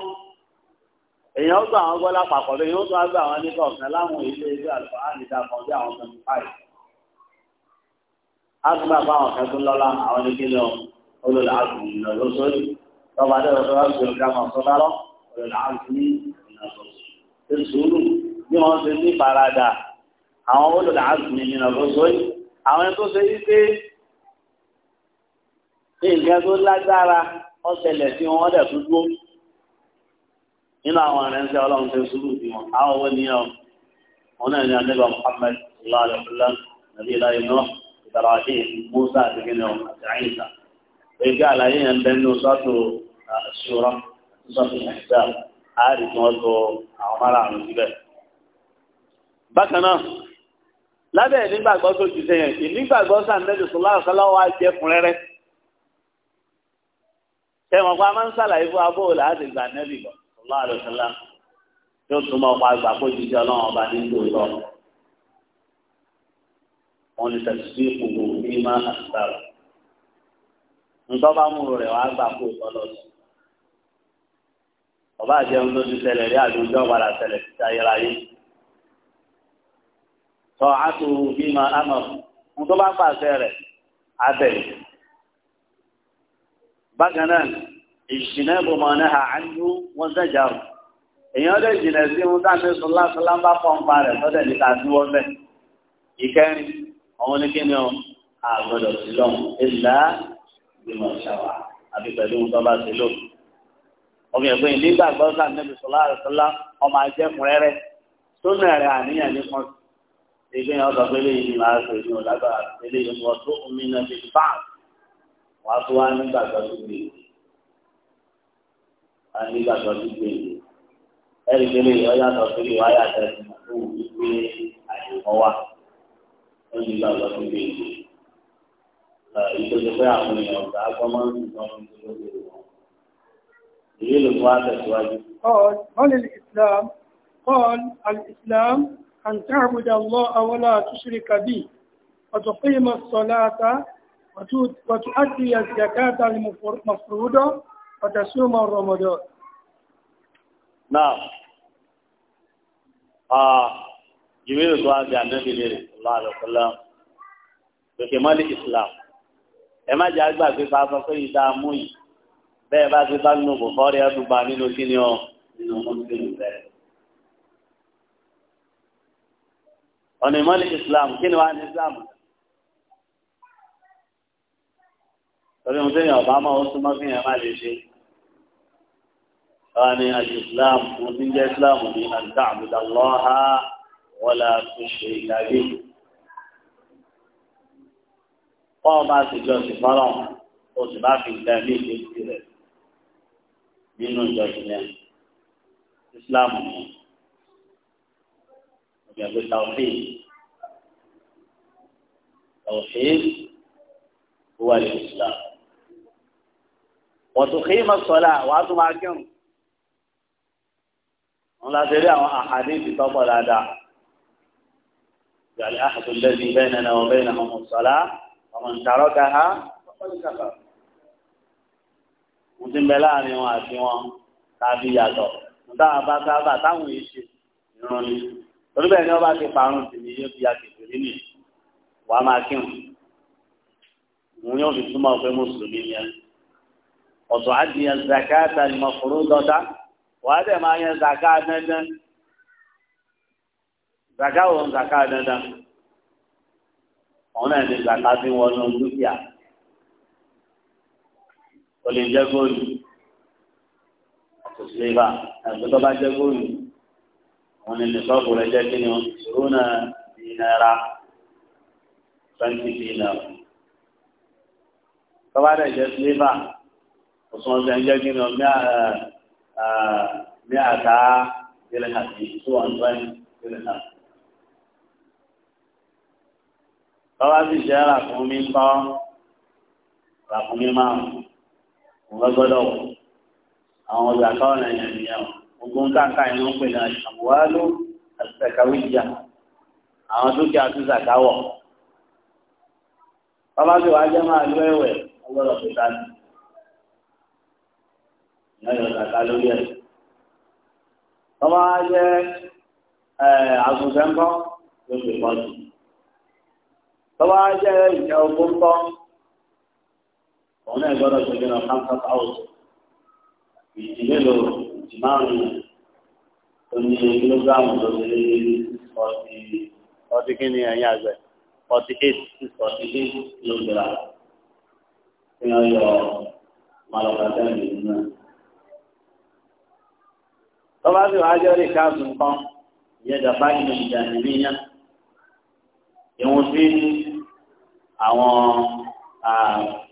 èèyàn gbọ́ àwọn gbọ́ lápapọ̀ lóyún ó tún á gbọ́ àwọn nípa ọ̀sán láwọn ilé ilé àlùfáà àdìdá kan bí àwọn tẹ̀mí páì. àgbà bá àwọn kan tó lọ́la àwọn ní kíni olùlà àgùn ìlọ lóṣooṣù lọ́ba dẹ́rọ̀ tó bí wọ́n ṣe ní ìfaradà àwọn olùdá àtúnmí nínú ọ̀rọ̀sọ yìí àwọn ẹni tó ṣe yí pé nǹkan tó lágbára ọ̀sẹ̀lẹ̀ sí wọn ọ̀dẹ̀ tó dúró nínú àwọn ìrẹsẹ̀ ọlọ́run tó sùúrù bí wọn àwọn owó ní ọ wọn náà ní ọdẹ́gbà Muhammad sallallahu alaihi wasallam nàbí ìlà iná ìtàlàwàdé Musa àti gínà àti àyíká ẹgbẹ́ àlàyé yẹn bẹ́ẹ̀ ní sọ́tò uh, ṣúra sọ́tò ìhẹ́sẹ̀ àárí tí wọ́n tó àwọn márààrún síbẹ̀ bákan náà lábẹ́ ìnígbàgbọ́ tó ti sẹ́yìn ìnígbàgbọ́ sàǹdẹ́jù sọláàsọlá wa jẹ́ fún rẹ́rẹ́ tẹ̀wọ̀n pa máa ń sàlàyé fún abóò láti gbà nẹ́bì lọ sọláàlọ́sọlá tó túmọ̀ pa àgbà kó jíjẹ ọlọ́run ọba ní tòótọ́ wọn ni tẹ̀sí ìkòkò ní máa àtàrà nǹkan múlò rẹ̀ wàá gbà kó tọ́lọ́ sí ọba àjẹun tó ti ṣẹlẹ̀ rí àdúgbò ọ̀padà ṣẹlẹ̀ ti tọ́ àtúrò bí ma àmọ̀ ohun tó bá pàṣẹ rẹ̀ abẹ́ bákan náà ìṣìnà ìbomọ̀ náà àánú wọn sẹ́jà rù èèyàn lè jìnà sí ohun tá a ní sọlá sọlá ń bá pọ̀ ń pa rẹ̀ lọ́dẹ̀ níta sí wọ́n bẹ̀ ìkẹrin àwọn oníkíni ọ àgbọ̀dọ̀ sí lọ́hùn ìlà ìgbìmọ̀ ṣàwà àbí pẹ̀lú ohun tó bá ṣe lò ọmọ ẹ̀gbọ́n ìdígbàgbọ́ sáà níbi sọlá sọlá ọmọ ajẹ́kùnrẹ́rẹ́ tó nà rẹ̀ àníyàn ní kan sí ìgbẹ́ yẹn ọ̀sọ̀ pélé yìí ni sọ èmi ò lágbára yìí wọ́n tó omi náà fi bá wàá tó wá nígbàgbọ́ tó gbé wá nígbàgbọ́ tó gbé ẹ̀rí pélé yìí ọ̀yà sọ pélé wàá yà tẹ̀ tó wù pé àyẹ̀kọ́ wà ó nígbàgbọ́ tó gbé ìtòjú pé àwọn èèyàn ọ̀gá agbọ́mọ́ ń sọ fún mi lórí wọn. ìrírí ló wá tẹ̀síwájú. قال هل الإسلام قال الإسلام أن تعبد الله ولا تشرك به وتقيم الصلاة وتؤدي الزكاة المفروضة وتصوم رمضان نعم آه جميل دعاء النبي صلى الله عليه وسلم بكمال الإسلام ẹ̀má jẹ́ àgbàgbé pàápàá pé ìdààmú yìí bẹ́ẹ̀ bá ti bá nínú bùkọ́rí ẹ̀dùn bá nínú kíni ọ nínú mọ́tò ìlú bẹ́ẹ̀. ọ̀nà ìmọ̀lẹ̀ islam kí ni wàá ní islam. torí ohun tẹ́yìn ọ̀bá máa ó súnmọ́ fún yẹn má lè ṣe. wàá ní alìsílám ohun tí ń jẹ́ islam ní àdá àbúdá lọ́ha wọlé àtúnṣe ìdájí. wọ́n bá ti sí fọ́lọ́ o sì bá fi ìdá ilé ìgbésí rẹ̀ nínú ìjọsìn yẹn islam nìyẹn pẹ̀lú tawhid tawhid huwa al-islam wa tuqima as-salah wàá tún máa kírun wọn la ṣe rí àwọn àhàdìsì tọ́pọ̀ dáadáa gbàlẹ́ àhàdùn lẹ́sìn bẹ́ẹ̀ nana wọn bẹ́ẹ̀ nana wọn sọ̀lá ọmọ ntarọ́ ka ha mo ti ń bẹ láàrin wọn àti wọn tàbí yàtọ̀ mo dáa bá sábà táwọn èyí ṣe ìrànlẹ́ torí bẹ́ẹ̀ ni wọ́n bá ti parun sí ni yóò fi àkèké rí nìyí wà á máa kírun òun yóò fi túmọ̀ pé mùsùlùmí ni ẹ ọ̀tọ̀ á di yẹn zakata ni mọ̀kúrú dọ́ta wà á dẹ̀ máa yẹn zaka dandan zaka wo zaka dandan òun náà ni zaka ti wọnú dúkìá o jẹ góòlù kò sí lè bá ẹgbẹ́ tó bá jẹ góòlù wọn ní nìfọ́ọ̀bù rẹ̀ jẹ́ kí ni ìṣúná dínárà twenty dinar tọ́wádà jẹ́ sílébà òsùn ọ̀sẹ̀ ń jẹ́ kí ni mí àtà ìrìn àti two hundred ìrìn àti. tọ́wádì jẹ́ ràkúnmí ń kọ́ ràkúnmí márùn-ún wọ́n gbọ́dọ̀ wọ̀ àwọn ọjà kọ́ ọ̀nà nìyẹn o ogun káńká yẹn ló ń pè ní àṣàwálò àṣàkàwíjà àwọn dúkìá tún ṣàkáwọ̀ bàbá tó wá jẹ́ máa lọ ẹ̀wẹ̀ ọgbọ́dọ̀ tó ta ni ìyá yọ ṣàká lórí ẹ̀ bàbá wá jẹ́ àgùnfẹ́ ńkọ́ ló fi pọ̀ jù bàbá wá jẹ́ ìjà ogun ńkọ́ òun náà gbọ́dọ̀ tó gbé lọ káńtà ìdílé lòrò ìmáàmù oní kílógíráàmù tó ṣe lé forty forty kí ni ẹ̀yin àgbẹ̀ forty eight forty eight kílógíráàmù kí wọ́n yọ màlúkà tẹ́lẹ̀ nínú náà. tọ́lá bí wàá jẹ́ rí káàtó nǹkan ìyẹn dàbá ìlú ìdánilẹ́yìn ìwọ̀n sí àwọn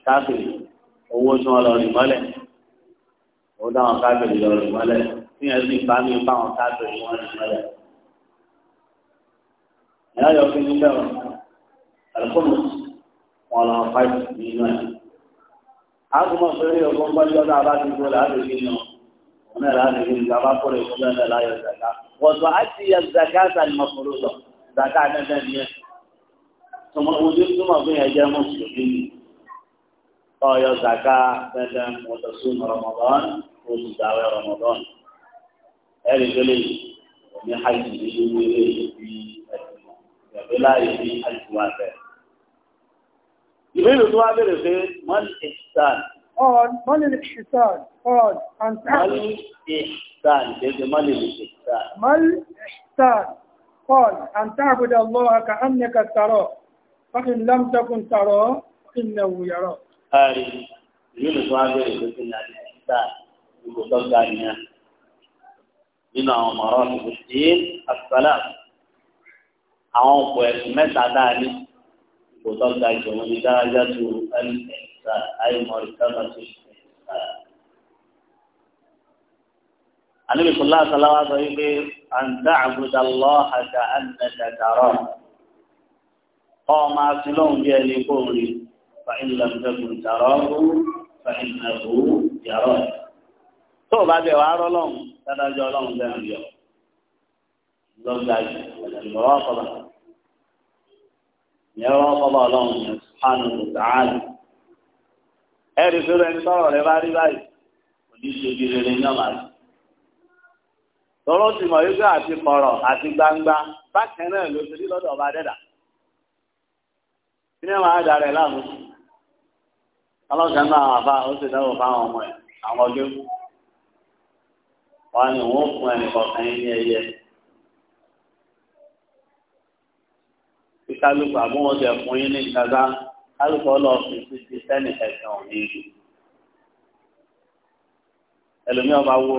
káàtó owó tí wọ́n lọ rìn mọ́lẹ̀ òun dáwọn káàkiri lọ rìn mọ́lẹ̀ tíyẹn sì bá mi bá wọn káàkiri wọn rìn mọ́lẹ̀. ìyá yọ fún mi bẹ́ẹ̀ àlùkòmù wọn làwọn fáìlì nínú ẹ̀. àgùnmọ̀ péré ọgbọ́n gbọ́dọ̀ náà bá ti gbọ́dọ̀ láti fi yàn òun náà láti fi yàn bá kórè fún bẹ́ẹ̀ láyọ̀ zaka. wọ́n sọ àti yẹ zaka sani mọ̀kúrú lọ zaka dandan ni ẹ. tọmọ oṣù tààrẹ Ramadan ẹ̀rí tó lè ní hajj nínú ilé ìbí ẹ̀sìn ìgbàgbé láàyè ní hajj wà bẹ́ẹ̀. ìbéèrè tó wá béèrè pé wọ́n ní ìṣàn. wọ́n ní ìṣàn. wọ́n ní ìṣàn dédé wọ́n ní ìṣàn. wọ́n ní ìṣàn. قال أن تعبد الله كأنك تراه فإن لم تكن تراه فإنه يراك. هذه يونس وعبد الله بن عبد ipò tó ga nìyẹn nínú àwọn ọmọọrọ ìbò sí àtúntàlà àwọn ọ̀pọ̀ ẹ̀sùn mẹ́ta dáadé ipò tó ga ìṣòwò ní dáradá tó ẹnìkẹta àìmọ̀rí kábà tó ṣẹ̀ṣẹ̀ àníbi sọlá àtàláwá sọ wípé àǹtá àbúdá lọ́ọ̀hàjà àǹtẹ̀tẹ̀ dàrọ̀ kọ́ máa fi bí ẹni kó rí fa ìlànà tẹkùn dàrọ̀ fa ìlànà tó yàrá. tó o bá arọ wá rọ́ lọ́hùn dáadájọ́ ọlọ́hùn ndị ń yọ lọ́gbà ìmọ̀ràn ẹni rẹ bá rí báyìí kò ní ṣe ní ti àti àti gbangba bákan náà ló ti rí ọba kí ni láàmú náà ó sì fáwọn ọmọ wọn ni wọn fún ẹnìkọ̀ọ̀kan yín ní ẹyẹ. kálukú àbúwọ̀n jẹ fún yín ní ìtajà kálukú ọlọ́ọ̀fin ti ti sẹ́ni ẹ̀sán òní ìlú. ẹlòmíì ọba wo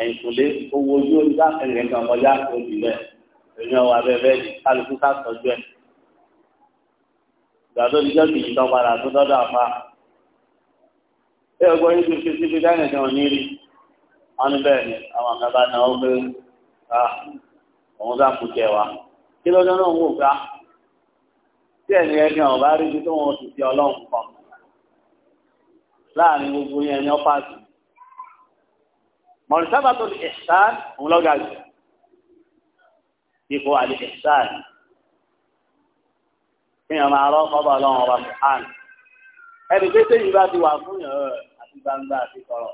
ẹ̀yìnkùlé owó ojú onígbà kẹrìnkẹrìn kan kọjá òbí rẹ̀ ọba abẹ́rẹ́ ni kálukú ká tọ́jú ẹ̀. ìgbà tó dijọ́ kìí tọ́ padà tó dọ́dọ̀ àpá. ẹ ọgbọ́n yín ti fi síbi dáìnì kan ní rí wọ́n ní bẹ́ẹ̀ ni àwọn àkàbà náà ó gbé ká òun bá kú jẹ wa kí lọ́jọ́ náà ń wò ká tí ẹ̀mí ẹni ọ̀rọ̀ bá rí ibi tó wọn ti fi ọlọ́run pọ̀ láàrin gbogbo yẹn ní ọ́pá sí mọ̀rìsábà tó lè ẹ̀sán òun lọ́gà jù ipò àlè ẹ̀sán kéèyàn máa rọ́ kọ́bà ọlọ́run ọba sùhán ẹni pé sẹ́yìn bá ti wà fún yàn án àti gbangba àti kọ̀rọ̀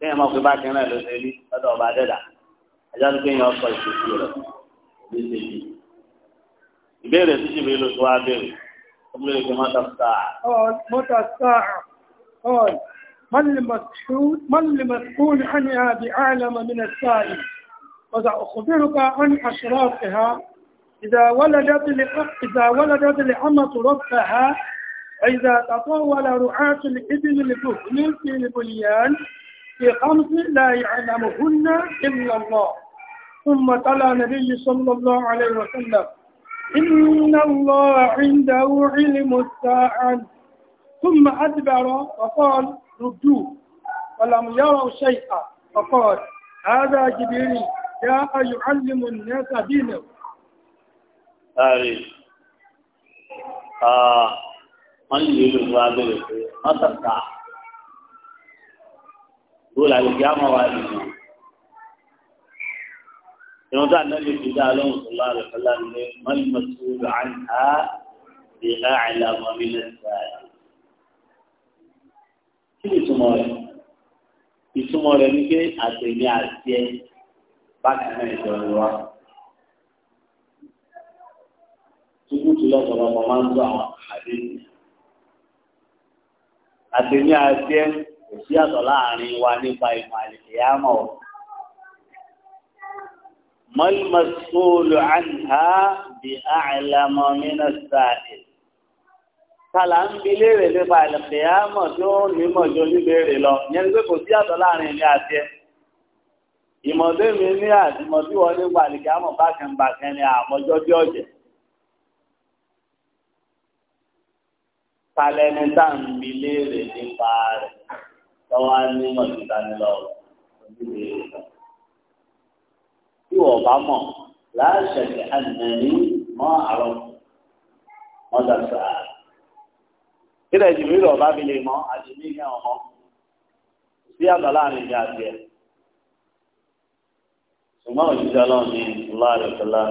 kéèyàn máa fi bá kí náà ló ṣe rí lọ́dọ̀ ọba dẹ́dà ẹjọ́ tó kéèyàn ọkọ̀ ìṣèṣì rẹ̀ ní ṣe yìí. ìbéèrè tí ṣì bèèrè tó wá béèrè ó béèrè pé mọ́tà sáà. mọ́tà sáà قال من المسؤول من المسؤول عنها بأعلم من السائل وسأخبرك عن أشرافها إذا ولدت إذا ولدت الأمة ربها إذا تطاول رعاة الإبل البخل في البنيان في خمس لا يعلمهن إلا الله ثم قال نبي صلى الله عليه وسلم إن الله عنده علم الساعة ثم أدبر وقال ردوه ولم يروا شيئا فقال هذا جبريل جاء يعلم الناس دينه ààrẹ wọ́n lè lò wá bẹ̀rẹ̀ pé wọ́n kúrò làbí kí á mọ̀ wá lè mọ̀. ìrùn tó ànábì fi dá lóhùn tó lọ àlọ́ fẹ́lá ní mọ́lìmọ́tò àǹtá bí láàrin àmọ́ mi lẹ́sẹ̀ àyà. kí ni ìtumọ̀ rẹ̀? ìtumọ̀ rẹ̀ ni pé àtẹ̀mí àti ẹ bákan náà ìjọba wa. tukutu lọ́pọ̀lọpọ̀ máa ń tó àwọn àdéhùn. àtẹ̀mí àti ẹ kò sí àtọ̀ láàrin wa nípa ìmọ̀ àlìkìyàmọ̀ o. mọ́lmọ́sọ́lù àǹhà bí àìlàmọ́ mínà sáàdì. Kàlà ń bi léèrè nípa àlìkìyàmọ̀ tí ó nímọ̀ jọ níbèrè lọ. Yẹn ni pé kò sí àtọ̀ láàrin ilé àti ẹ̀. Ìmọ̀dé mi ní àtìmọ̀ tí wọ́n nípa àlìkìyàmọ̀ bákan bákan ni àmọ́jọ́ bí ọ̀jẹ̀. kalẹ̀ ní tá ń bi léèrè nípa rẹ̀ tọ́wọ́ á ní mọ̀tìta ní lọ ojúlé rẹ̀ lọ. Tí wọ́n bá mọ̀ láṣẹ kí ànàní mọ́ àrọ̀ mọ́ dàgbà. Kílẹ̀ jìbìrì lọ bá mi lè mọ́ àjùmí ní ọmọ. Sí àgbà láàrin ní àti ẹ̀. Ṣùgbọ́n òṣìṣẹ́ ọlọ́run ní láàrin ìfẹ́lá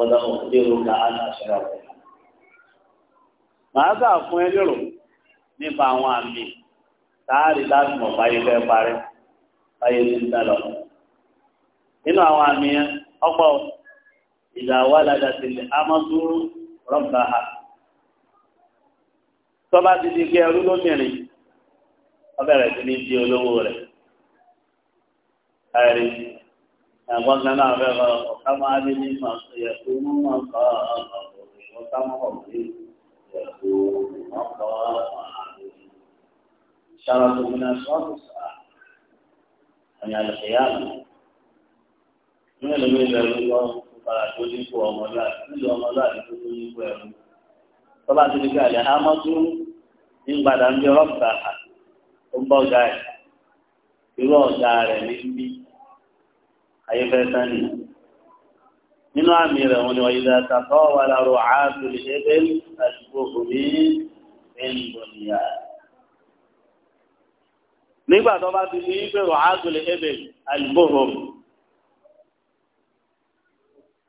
ọ̀dọ̀ òkúté ló ka á ní àṣírà rẹ̀. Màá gbà fún ẹ lérò nípa àwọn àmì. taari láti mọ̀ báyìí fẹ́ parí báyìí ti ń dá lọ. nínú àwọn àmì ọ̀pọ̀ ìjà wà ládàá ti lè amọ́tú ha. tọ́ba ti di pé ẹrú lómìnrin ọ bẹ̀rẹ̀ sí ní di olówó rẹ̀. ẹ̀rí ẹ̀gbọ́n kan náà fẹ́ lọ ọ̀ká máa ní ní màá sọ yẹ mú wọn kọ́ شرط من أشراط الساعة أن القيامة من الذي يدعو الله فلا تجيك ومولاك من ومولاك تجيك ويرو طبعا تلك الهامة إن بعد أن يرفع أمبو جاي يرو جاري من بي أي فيتاني nínú àmì rẹ̀ wọn ni wọ́n yíra tàkọ́ wà lárò àádùn ìṣẹ́bẹ̀ àdúgbò mi ẹ̀ńdọ̀nìyà nígbà tó bá ti ní pé wàhálà ẹbẹ àlùbọ̀rọ̀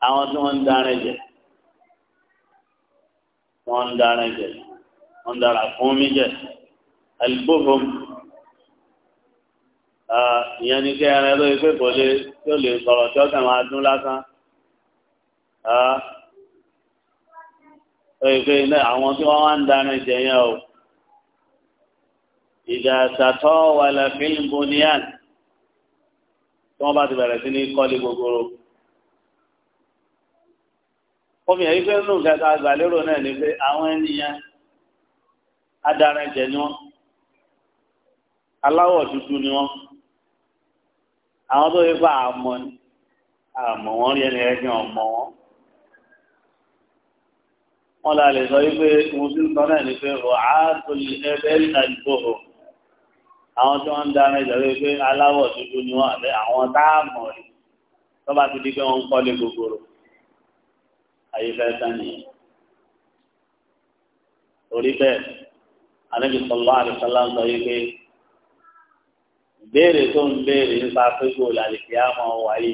àwọn tí wọ́n ń dára jẹ wọ́n ń dára jẹ wọ́n ń dára fún mi jẹ àlùbọ̀rọ̀ ìyẹn ni kí ẹran lóye pé kò lè tí lè sọ̀rọ̀ tí ó máa dún lásán lóye pé àwọn tí wọ́n wá ń dára jẹ yẹn o. إذا تطاول في البنيان tí wọ́n bá ti bẹ̀rẹ̀ sí ní kọ́lé gbogbooro. omi ẹ̀rí pé nínú kẹta àgbàlérò náà ni pé àwọn ènìyàn adarẹ̀jẹ̀ ni wọ́n aláwọ̀ dúdú ni wọ́n àwọn tó yẹ fún àmọ́ ni àmọ́ wọn rí ẹni ẹgbẹ́ ọmọ wọn. wọ́n la lè sọ wípé mo ti ń sọ náà ni pé rọ̀ áàtò ẹgbẹ́ ìlànà ìgbòho àwọn tí wọ́n ń dáná ìjọba pé aláwọ̀ dúdú ni wọ́n àbẹ́ àwọn tá a mọ̀ rí tọ́ba ti di pé wọ́n ń kọ́lé gbogbooro ayé fẹ́ tán nìyẹn. torí bẹ́ẹ̀ anábì sọlá àdìsọ́lá ń sọ yìí pé ìbéèrè tó ń béèrè nípa pípò làlìkìyàmọ̀ wáyé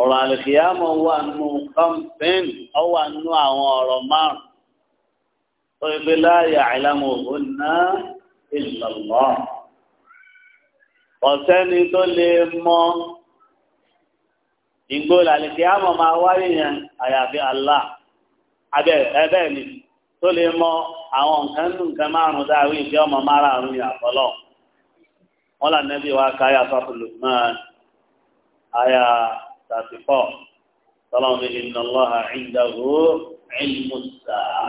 ọ̀rọ̀ àlìkìyàmọ̀ wà nù kọ́ńpẹ́ǹ ọ wà nù àwọn ọ̀rọ̀ márùn-ún tó yẹ pé láàyè àìlámọ̀ òun náà ìlọ̀lọ́. ọ̀sẹ́ni tó lè mọ ìgbó làlìkí àmọ́ máa wáyé yẹn àyàfi Allah ẹbẹ́ mi tó lè mọ àwọn nǹkan nù nǹkan márùn dáwí ìfẹ́ ọmọ márùn ní àfọlọ́ wọn là nẹ́bí wa káyà sọ́kùlù náà àyà thirty four sọlọ́mù inna Allaha indahu ilmus sa'a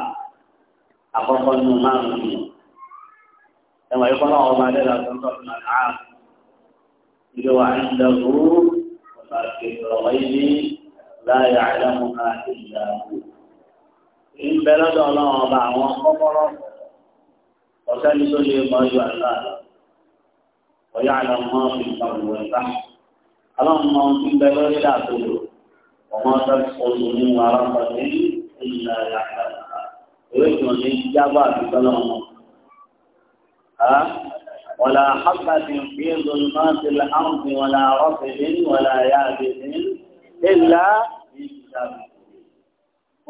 márùn-ún ẹwà ìkọlọ ọba adẹ́lá sọ́tọ̀ fún àná ìlú wa ń dàgbò ọba kẹfìrọ̀wá ilé láyà àdámù náà ìlà ń bẹ lọ́dọ̀ ọlọ́run ọba àwọn kọ́kọ́rọ́ ọ̀sẹ́ni tó lè mọ ju àlá ọ̀yá àdámù náà fi kàn wọ̀ ẹ̀ká aláwọn ọmọ ń lórí dàtòlò ọmọ ọ̀sẹ̀ oṣù ní wàrà pàdé ìlà àdámù náà ìwé ìtàn ní àti tọ́lọ́mọ. ولا حبة في ظلمات الأرض ولا رطب ولا يابس إلا بشر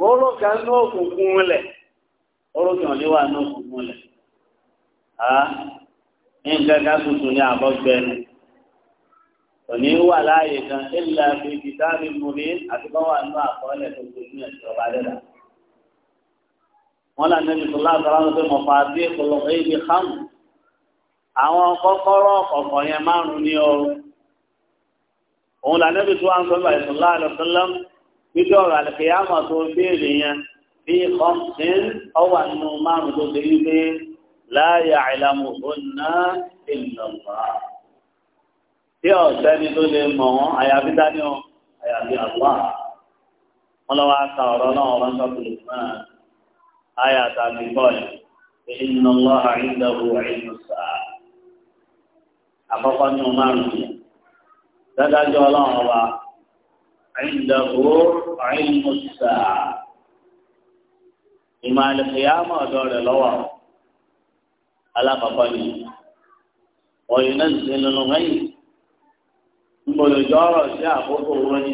Oró kan ní òkùnkùn lẹ̀, oró kan lè wà ní òkùnkùn lẹ̀. Àá, ní gẹ́gẹ́ tuntun ní àbọ́gbẹ́ni. Òní wà láàyè kan, ìlà fi kìtà mi mú mi, àti bá wà ní àkọọ́lẹ̀ tó gbé ní ẹ̀ṣọ́ bá dẹ́dà. Wọ́n là ní ìṣòlá àtàrà ń mọ̀ fà á sí ìpolówó ibi àwọn kọ́kọ́rọ́ kọ̀ọ̀kan yẹn márùn-ún ní ọ òun là nẹ́bí tó wà ń sọ bá ìsọ̀lá àlọ́sọ́lám gbígbé ọ̀rọ̀ àlùkìyàmọ̀ tó béèrè yẹn bí kọ́ńtín ọwà nínú márùn-ún tó ṣe wípé láàyè àìlàmù òǹnà ìlọ̀pá tí ọ̀sẹ́ni tó lè mọ̀ wọ́n àyàfi dání ọ àyàfi àgbà wọn lọ́wọ́ àta ọ̀rọ̀ náà ọ̀rọ̀ sọ́kùnrin náà àyàtà mi bọ́ọ̀lù àkọ́kọ́ ní o máa ń rìn dádájọ́ ọlọ́run ọba àyìndàgbò àyìnmọ̀sà ìmàlẹ̀kẹ̀yàmọ̀ ọ̀dọ́ rẹ̀ lọ́wọ́ alákọ̀ọ́kọ́ ni ọ̀yìn náà ti lọ́nà mẹ́yìn ńgbọ̀lọ́jọ́ ọ̀rọ̀ sí àkókò wọn ni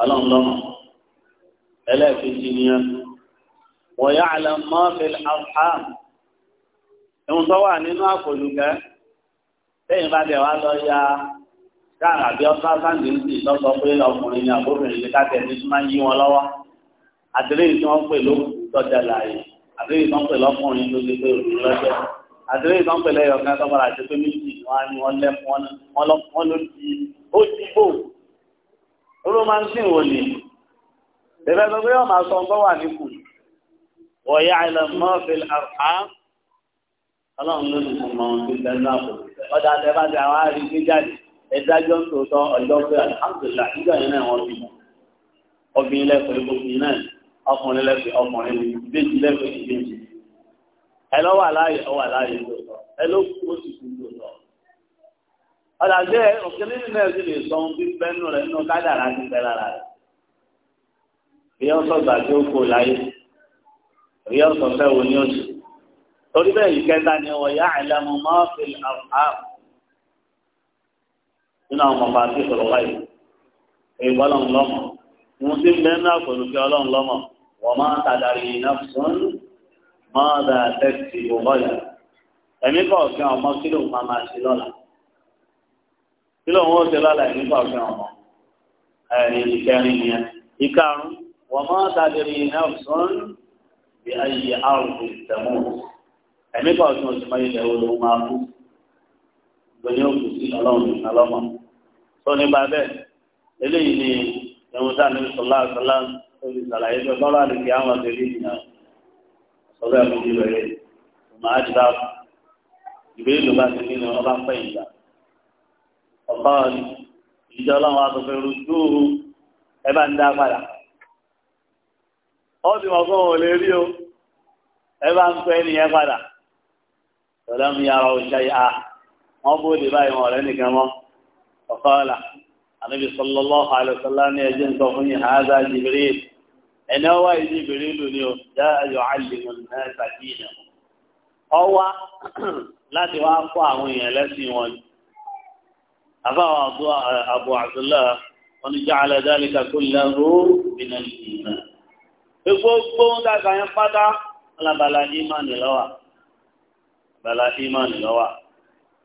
ọlọ́run lọ́mọ ẹlẹ́ẹ̀kejì ni wọ́n yà á lọ mọ́ fẹ́lẹ́ àwòrán ìwọ̀n tó wà nínú àpòlùkẹ́ lẹ́yìn bá bẹ̀ wá lọ ya káàrà bí ọ̀sán sáǹdì ń sì lọ́sọ pé ọkùnrin ni àbóbìnrin ní káàkiri ní tí máa ń yí wọn lọ́wọ́ àtìlẹ́yìn tí wọ́n pè ló tọ́jà láàyè àtìlẹ́yìn tó ń pè lọ́kùnrin ló ti pé òkú lọ́jọ́ àtìlẹ́yìn tó ń pè lẹ́yìn ọ̀kan tó padà ti pé méjì wọn ni wọ́n lẹ́ wọn ló di ó di bò oró máa ń sìn wò ní ìrẹsọ̀ pé wọ́n máa sọ ń wà ní kù wọ̀nyá ìlànà mọ́fìlì àrùn ọlọ́run ló ti mọ ohun tó tẹnu àpò ọ̀dà àtẹ̀bá ti àwọn àrí gbé jáde ẹ̀dájọ́ ń tòótọ́ ọ̀dọ́ pé alihamudulilá nígbà yẹn náà wọ́n ti mọ̀ obìnrin lẹ́fẹ̀ẹ́ obìnrin náà ọkùnrin lẹ́fẹ̀ẹ́ ọkùnrin ni ìbejì lẹ́fẹ̀ẹ́ ìbejì ẹ lọ wà láàyè ọ wà láàyè tòótọ́ ẹ ló kú ó sì kú tòótọ́ ọ̀dà àgbẹ̀ òkè nínú náà sì lè sọ bí bẹ́ẹ̀nù rẹ̀ nínú kádàrá ti bẹ́ lára rẹ̀ bí gbàgbé ó láyé bí fẹ́ wo ní torí bẹ́ẹ̀ ìkẹta ni wọ́n yá àìlẹ́mú mọ́ọ̀fì àrùn nínú àwọn ọmọ àti ìṣòro wáyé èyí ọlọ́run lọ́mọ ìwọ́n ti ń bẹ́ẹ̀ ní àpòlùkẹ́ ọlọ́run lọ́mọ wọ́n máa tàdàrí nafsun máa dà tẹ́tì òbọ̀yà ẹ̀mí kọ̀ọ̀kan ọmọ kí ló máa máa ṣe lọ́la kí ló ń ṣe lọ́la ẹ̀mí kọ̀ọ̀kan ọmọ ẹ̀rin ìkẹrin yẹn ìkarùn wọ́n máa tàdàrí nafsun bí ayé àrùn ìtẹ̀mú ẹ̀mí kan ọ̀sùn oṣù mọ́ ilẹ̀ wo máa kú lóní òkú sí ọlọ́run tó nípa bẹ́ẹ̀ eléyìí ni ẹ̀wọ̀n ní sọlá sọlá tóbi sàlàyé pé bọ́lá ni kí àwọn ọ̀sẹ̀ bí ìyá sọlá ẹ̀kọ́ bí bẹ̀rẹ̀ ọmọ ìbéèrè ló bá ti ní ní ọba ọ̀pá ìjọ ọlọ́run wa ẹ bá ń dá padà. ọ́ ti mọ̀ fún lè rí o ọlọ́mú yàrá ọ̀ṣà yà wọ́n bóde báyìí wọn ọ̀rẹ́ nìkan mọ́ ọ̀kọ́ọ̀là ànábi sallallahu alaihi wasallam ní ẹjẹ́ nǹkan fún yìí hàzà Jibril ẹ̀nà wá ìdí Jibril lónìí o já ayọ̀ àlìmọ̀ náà sàkí ìnà ọwá láti wá kó àwọn èèyàn lẹ́sìn wọn àfáwọn Abu Abdullah wọn ni ja'ala dhalika kullahu min al-iman gbogbo ń dàgbà yẹn pátá ọlábàlá ìmọ̀ nìlọ́wà bala iman lọ́wà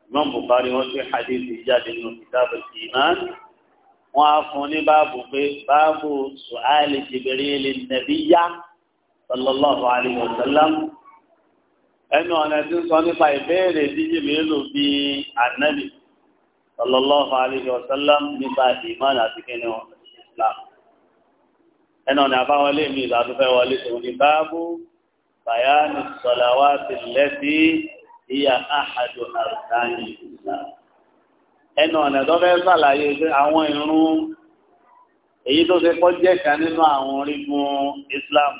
imam bukari wọ́n gbé hadithi jáde nínú kitabu iman wọ́n á fún ní báàbù pé báàbù su'ali jibril nabiyya sallallahu alayhi wa sallam ẹnu ọ̀nà tí ń sọ nípa ìbéèrè tí jibril bí anabi sallallahu alayhi wa sallam nípa iman àti kíni islam ẹnu ọ̀nà àbáwọlé mi ìlànà fẹ́ wọlé tòun ní báàbù bayanu salawati lẹ́sìn ìyá àhàjò àrùtáyì ìlà ẹnu ọ̀nà tó fẹ́ sàlàyé pé àwọn ìrun èyí tó ṣe kọjẹ́ kan nínú àwọn orígun Islam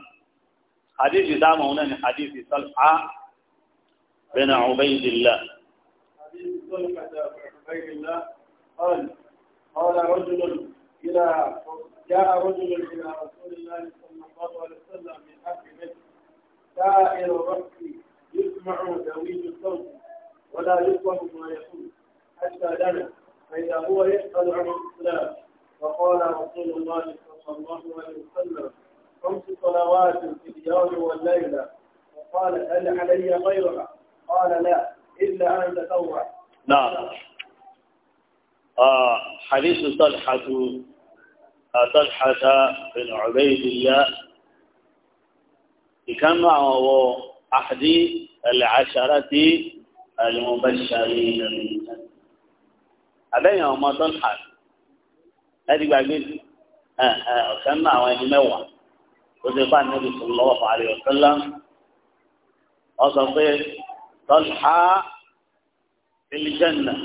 hadithi dáàmù ọ̀hún náà ni hadithi Talha bin Ubaydillah. قال رجل إلى جاء رجل إلى رسول الله صلى الله عليه وسلم من أهل رأسي يسمع دويج الصوت ولا يفهم ما يقول حتى دنا فإذا هو يسأل عن الإسلام فقال رسول الله صلى الله عليه وسلم خمس صلوات في اليوم والليلة وقال هل علي غيرها قال لا إلا أن تطوع نعم آه حديث طلحة آه، طلحة بن عبيد الله كما هو أحاديث العشرة المبشرين بالجنة أبين أما طلحة هذه بعدين كان معه نوع وزيقان النبي صلى الله عليه وسلم أصدقائي طلحة في الجنة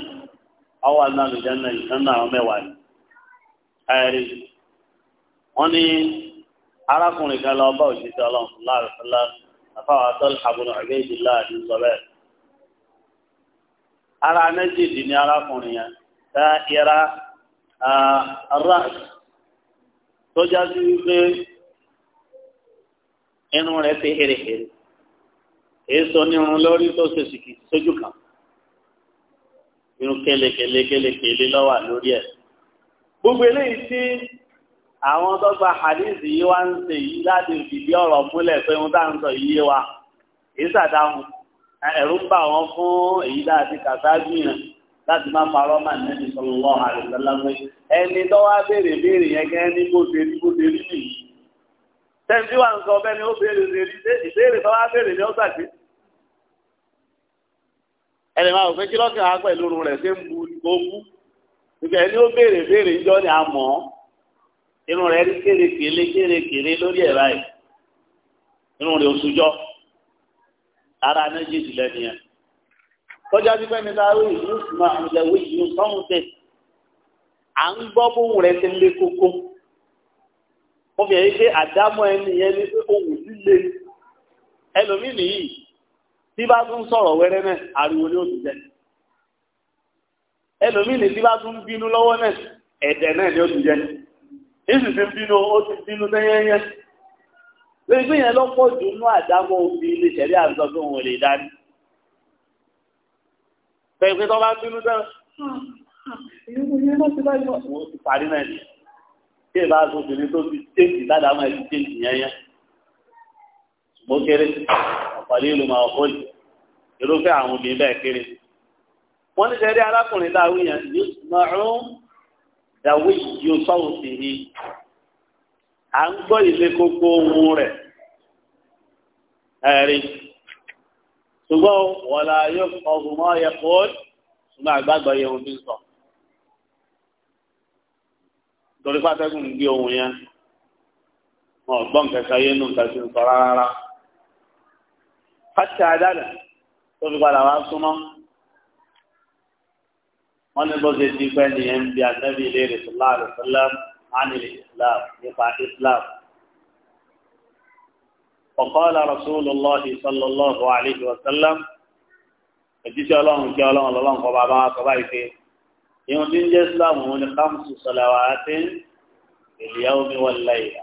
أول ما في الجنة يسمى وميوان حاري أني أراكم لك الله بوجه الله صلى الله عليه وسلم àfáwọn Talha ibn Ubaydillah àti sọ́bẹ̀. ara méjìdì ní arákùnrin yẹn tá ìra ara tó jáde wípé inú rẹ̀ ti hérehére èso nírun lórí tó ṣe sìkì sójú kan irun kélekélekélekélé lọ́wà lórí ẹ̀ gbogbo eléyìí tí àwọn tó gba hadith yìí wá ń ṣe yìí láti fìdí ọ̀rọ̀ múlẹ̀ pé wọ́n tá ń sọ yìí wa ìsàdáhùn ẹ̀rú ń bà wọ́n fún èyí láti kàtàájú yẹn láti má parọ́ mà nẹ́bí sallallahu alaihi wasallam ẹni tó wá béèrè béèrè yẹn gẹ́gẹ́ ní bó ṣe bó ṣe rí nìyí. tẹ́ǹtì wa ń sọ bẹ́ẹ̀ ni ó béèrè ṣe ìbéèrè tó wá béèrè ni ó gbàgbé. ẹnì máa òfin kí lọ́kàn á pẹ̀lú rẹ̀ ṣe ń bu kó kú. ẹni ó béèrè béèrè ìjọ ni a mọ̀ ọ́ irun rẹ̀ rí kérekèrè kérekèrè lórí ẹ̀ báyìí irun rẹ̀ oṣùjọ́ ara méjèèjì lẹ́nu yẹn kọjá sí pẹ́ni láàrú ìlú ìsúná ìlẹ̀wé ìlú sọ́hún tẹ̀ à ń gbọ́ bóhùn rẹ̀ ti lé kókó ó fi ẹ̀yí pé àdámọ́ ẹni yẹn ní pé ohùn líle ẹlòmíì nìyí tí bá tún sọ̀rọ̀ wẹ́rẹ́ náà ariwo ni ó ti jẹ ẹlòmíì nìyí tí bá tún bínú lọ́wọ́ náà ẹ̀dẹ̀ náà ni ó ti jẹ èsì ti bínú ó ti bínú tẹ́yẹ́yẹ́ lè gbé yẹn lọ́pọ̀ jù nú àdámọ́ òbí ilé ìṣẹ̀rí àgbà tó wọn lè dání bẹ́ẹ̀ pé tó bá bínú tẹ́ wọ́n ti parí náà ni kí ẹ bá tó obìnrin tó ti tẹ́ǹtì ládàámọ́ ẹ̀ ti tẹ́ǹtì yẹnyẹn ṣùgbọ́n kéré ọ̀pọ̀lẹ́ ìlú máa ọ̀pọ̀ jù irúfẹ́ àwọn obìnrin bẹ́ẹ̀ kéré wọ́n ní sẹ́rí arákùnrin láwùjọ yẹn yóò dàwí yóò sọ̀rọ̀ sí i à ń gbọ́ ilé kókó ohun rẹ̀ ẹ̀rí ṣùgbọ́n wọ̀lá yóò ọ̀gùn mọ́ ẹ̀ kó ṣùgbọ́n àgbàgbọ́ yẹ omi sọ torí pátẹ́kùn ń gbé ohun yẹn wọn gbọ́n kẹsàn-án yẹn nù kẹsàn-án ń sọ rárá. fásitì àdánà tó fi padà wá súnmọ́ wọ́n ní bó ṣe ti pẹ́ nìyẹn ń bi ànábì ilé rẹ̀ sọ́lá rẹ̀ sọ́lá ánìlè islam nípa islam. ọ̀kọ́lá rasulullahi sallallahu alayhi wa sallam ẹ̀jíṣẹ́ ọlọ́run kí ọlọ́run lọ́lọ́run kọ́ bàbá wa sọ báyìí pé ìhun tí ń jẹ́ islam òun ni khamsu salawatin fil yawmi wal layla.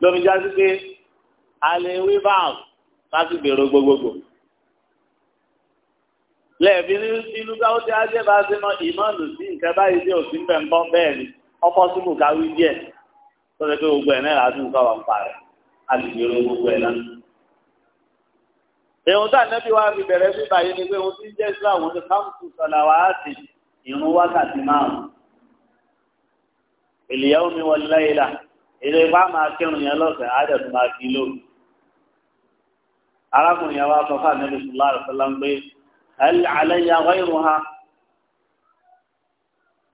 lómi jáde pé a lè wí báàbù láti gbèrò gbogbogbò lẹ́ẹ̀bí inú táwọn tí a jẹ́ bá ṣe mọ ìmọ̀nù sí nǹkan báyìí tí òsín bẹ̀ ń bọ́ bẹ́ẹ̀ ni ọkọ̀ sí kò káwí díẹ̀ tó lè pé gbogbo ẹ̀ náà láti nǹkan wà ń pa rẹ̀ a lè gbé owó gbogbo ẹ̀ náà. èèyàn tá nẹ́bí wa fi bẹ̀rẹ̀ sí báyìí ni pé òun ti ń jẹ́ Islam òun ti káàmùtù sọ̀là wá sí ìrún wákàtí márùn-ún. ìlìyàwó mi wọlé láyé la ilé ipá máa kírun yẹn lọ́sẹ̀ hal alayya ghayruha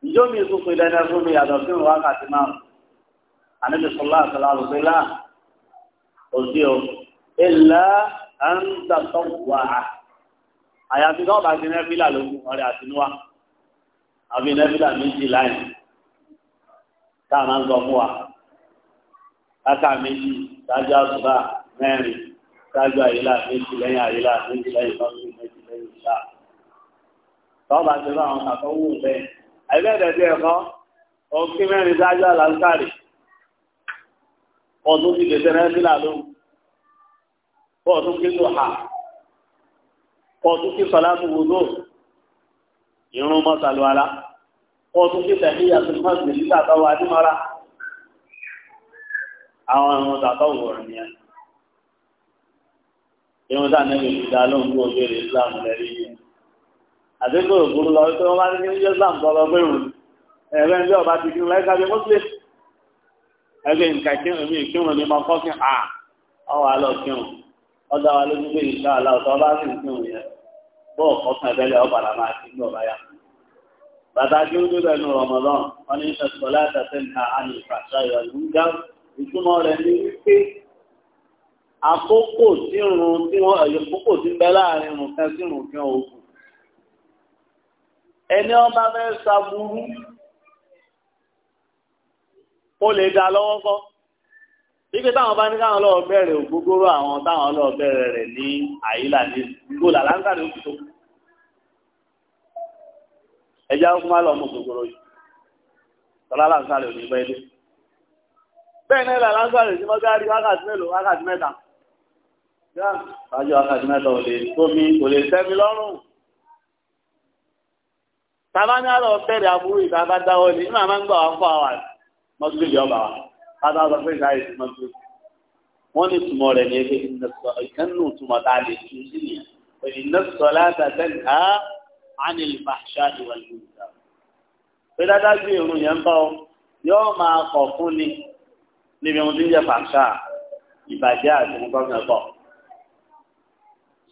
ìjọ́ mi tún pè dáná fún mi yàtọ̀ sí ìwà wákàtí náà ànábi sọlá àtàlà àlùsílà òsì o ìlà à ń tàtọ̀ wà á àyàfi náà bá ti nẹ́fìlà lókun ọ̀rẹ́ àtinúwá àbí nẹ́fìlà méjì láì tá a máa ń sọ fún wa káká méjì ṣáájú àsùbá mẹ́rin ṣáájú àyílà méjì lẹ́yìn àyílà méjì lẹ́yìn lọ́sùn ìgbà tọ́ba ti bá àwọn àtọ́wò bẹ́ẹ̀ àìbẹ́ẹ̀dẹ̀dẹ̀ ẹ̀kọ́ òkè mẹ́rin sáájú àlàáfíàrì ọdún ti dẹ̀dẹ̀ rẹ̀ sílà lóhùn ọdún kí ló hà ọdún kí sọlá tó wúlò irun mọ́sàlù ara ọdún kí tẹ̀lé yàtọ̀ mọ́sàlù nígbà tọ́wọ́ adúmọ́ra àwọn ọmọ tàtọ́wò rẹ̀ nìyẹn ìwọ̀n tá nẹ́bí fi dá lóhùn tó béèrè Islam lẹ́rí yìí àdékò òkúrú lọ wípé wọ́n bá ní kí Islam tọ́ lọ gbẹ̀rù ẹ̀rẹ́ ń bí ọba ti kírun láìka bí mọ́sílẹ̀ ẹgbẹ́ nǹkan kírun mi kírun ní ma kọ́ kí a ọwọ́ alọ́ kírun ọdọ wa lójú pé ìṣá aláwọ̀tọ́ bá sì ń kírun yẹn bọ́ ọkàn tẹ́lẹ̀ ọ̀padà máa ti ń yá bàtà kí ó dúró ẹnu Ramadan wọn ní sọ àkókò tí irun tí wọ́n àkókò tí ń bẹ láàrin irun kan sí irun kan ogun ẹni ọba fẹ́ ṣaburú ó lè dá lọ́wọ́ kọ́ wípé táwọn bá ní káwọn lọ́ọ́ bẹ̀rẹ̀ ògógóró àwọn táwọn lọ́ọ́ bẹ̀rẹ̀ rẹ̀ ní àyílà ní gbogbo làlánkà ní òkú tó kù ẹja ó kúmá lọ́ọ́ mú ògógóró yìí tọ́lá làǹkà lè bẹ́ẹ̀ dé bẹ́ẹ̀ náà làǹkà wákàtí mélòó wákàtí mẹ́ta ṣáájú wákàtí mẹ́ta ò lè tómi kò lè tẹ́mi lọ́rùn tàbá ní àlọ́ bẹ̀rẹ̀ aburú ìta bá dáwọ́ ni nígbà máa ń gbà wá fún àwọn mọ́tò ìjọ ọba wa bàtà ọ̀sán pé ìta ìsìn mọ́tò wọ́n ní tùmọ̀ rẹ̀ ní ebi ìkànnù tùmọ̀ tá a lè tún sí ni ìnà sọlá tàtẹ́ni á ánì fàṣà ìwà ìgbìmọ̀ pé dáadáa gbé irun yẹn bá ọ yóò máa kọ̀ fún ni níbi ohun tí ń jẹ́ fàṣà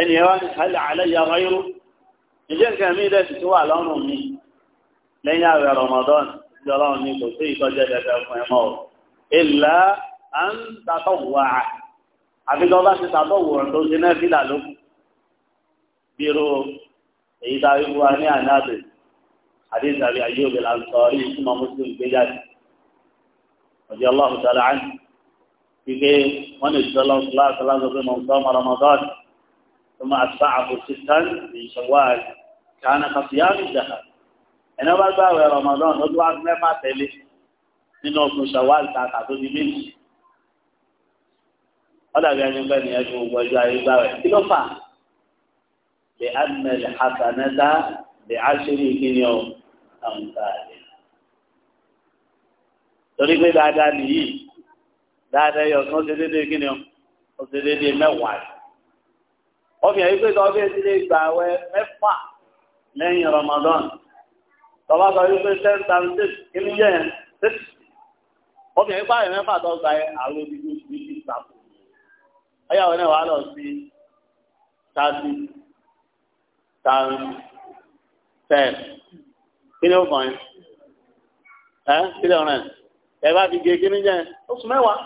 ẹni ẹwà ní hàlẹ́ àlẹ́yà ráyúrú ìjẹ́ nǹkan mi dẹ̀ sì tún wà lọ́rùn mi lẹ́yìn àwẹ̀ Ramadan ìjọlọ́run ní kò sí ìtọ́jẹ́ dẹ̀dẹ̀ fún ẹ mọ́ ọ ìlà à ń tatọ̀ wà á àfi tó bá ti tatọ̀ wò ó tó ṣe náà fìlà ló kù bírò èyí tá a rí wa ní ànáàbẹ̀ àdéhùn àbí ayé òbí la ń sọ orí ìtumọ̀ mùsùlùmí gbé jáde ọjọ́ ọlọ́run sọ̀rọ̀ àná wípé wọ́n lè sọ ثم أتبعه ستا من شوال كان كصيام الدهر ẹ̀nà bá gbà wẹ̀ Ramadan ló wá mẹ́fà tẹ̀lé nínú oṣù Shawwal tààtà tó di méjì ọ̀dàbí ẹni pẹ́ nìyẹn tó gbogbo ọjọ́ ayé gbà wẹ̀ kí ló fà lè ànàlẹ̀ hasanẹ́ta lè torí pé dáadáa nìyí dáadáa yọ̀ ó ṣe déédéé kíni ọ̀ ó ṣe déédéé mẹ́wàá obìnrin yìí pé tọ́bí ti lè gbà wẹ mẹ́fà lẹ́yìn Ramadan tọ́ba sọ wípé ten times six kí ni yẹn six obìnrin pààyàn mẹ́fà tó gba ẹ àwọn olùdíje ti fi sàkó ọyàwó náà wàá lọ sí thirty times ten kí ó kàn yín ẹ ọ̀rẹ́ ẹ bá fi gé kí ni oṣù mẹ́wàá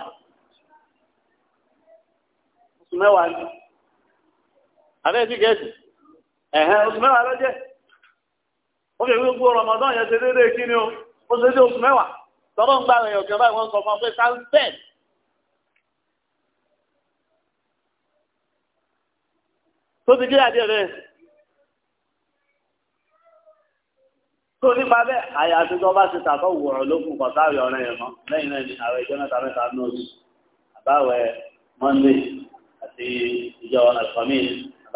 oṣù mẹ́wàá ni. abẹ́ ẹ̀sìn gẹ̀ẹ́sì ẹ̀hẹ́ oṣù mẹ́wàá ló jẹ́ ó fi gbogbo Ramadan yẹn ṣe déédéé o ó ṣe dé oṣù mẹ́wàá tọ́lọ́ ń gbà rẹ̀ ọ̀kẹ́ báyìí wọ́n sọ fún ọ pé sáńtẹ́ẹ̀ tó ti kílẹ̀ àdìẹ rẹ̀ tó nípa bẹ́ẹ̀ àyà àti bá ti ló ọ̀rẹ́ yẹn mọ́ lẹ́yìn náà ni